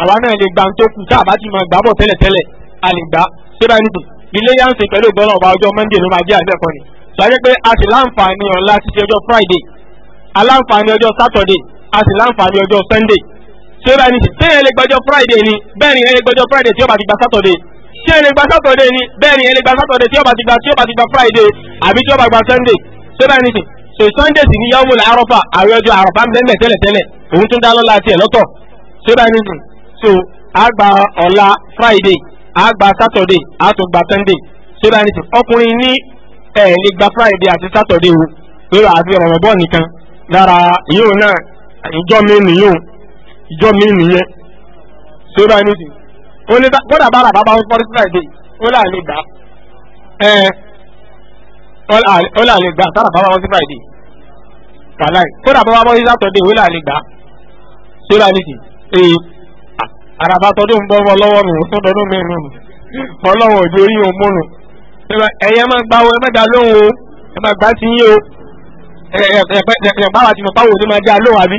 [SPEAKER 1] àwa náà lè gba tó kù tá a bá ti máa gbà bọ̀ tẹ́lẹ̀tẹ́lẹ̀ a lè gbà tí ó bá ní ìṣètò ilé yá ń sìn pẹ̀lú ìgbọ́nà ọba ọjọ́ Monday a sì láǹfààní Saturday a sì láǹfààní Sunday tó bá ní tẹ́yìn lè gbọ́jọ́ friday ni bẹ́ẹ̀ ni lè gbọ́jọ́ friday tí ó bá ti gba saturday tí ẹ lè gba saturday ni bẹ́ẹ̀ ni ẹ lè gba saturday tí ó bá ti gba tí ó bá ti gba friday àbí tí ó bá gba sunday tó bá ní sìn so sunday sì ni yawmu la àwọn ọjọ́ àrọ́fà ń bẹ́ẹ̀ tẹ́lẹ̀ tẹ́lẹ̀ òun tún dá lọ́la tiẹ̀ lọ́tọ̀ tó ní sìn so a gba ọ̀la friday a saturday a sunday tó bá ní sìn ọkùnrin ní friday àti saturday o pé àfi ọ̀rọ̀ bọ́ọ̀ nìkan lára yóò náà ìjọ ìjọ mi nìyẹn tó bá ní ti ó ní kódà bára bàbá wọn pọ́n friday ó là lè gbà ẹ ó là lè gbà sára bàbá wọn sí friday kàláì kódà bàbá wọn sí saturday ó là lè gbà tó bá ní ti ee àràbà tọdún ń bọ́ wọn lọ́wọ́ mi ò tọdún mi nù ọlọ́wọ́ òjò orí òun múnu ẹ̀yẹ máa gbà owó ẹ má dá lóhùn o ẹ má gbà sí yín o ẹ̀yẹ báwa ti mọ̀ báwo ni máa dá lóhùn àbí.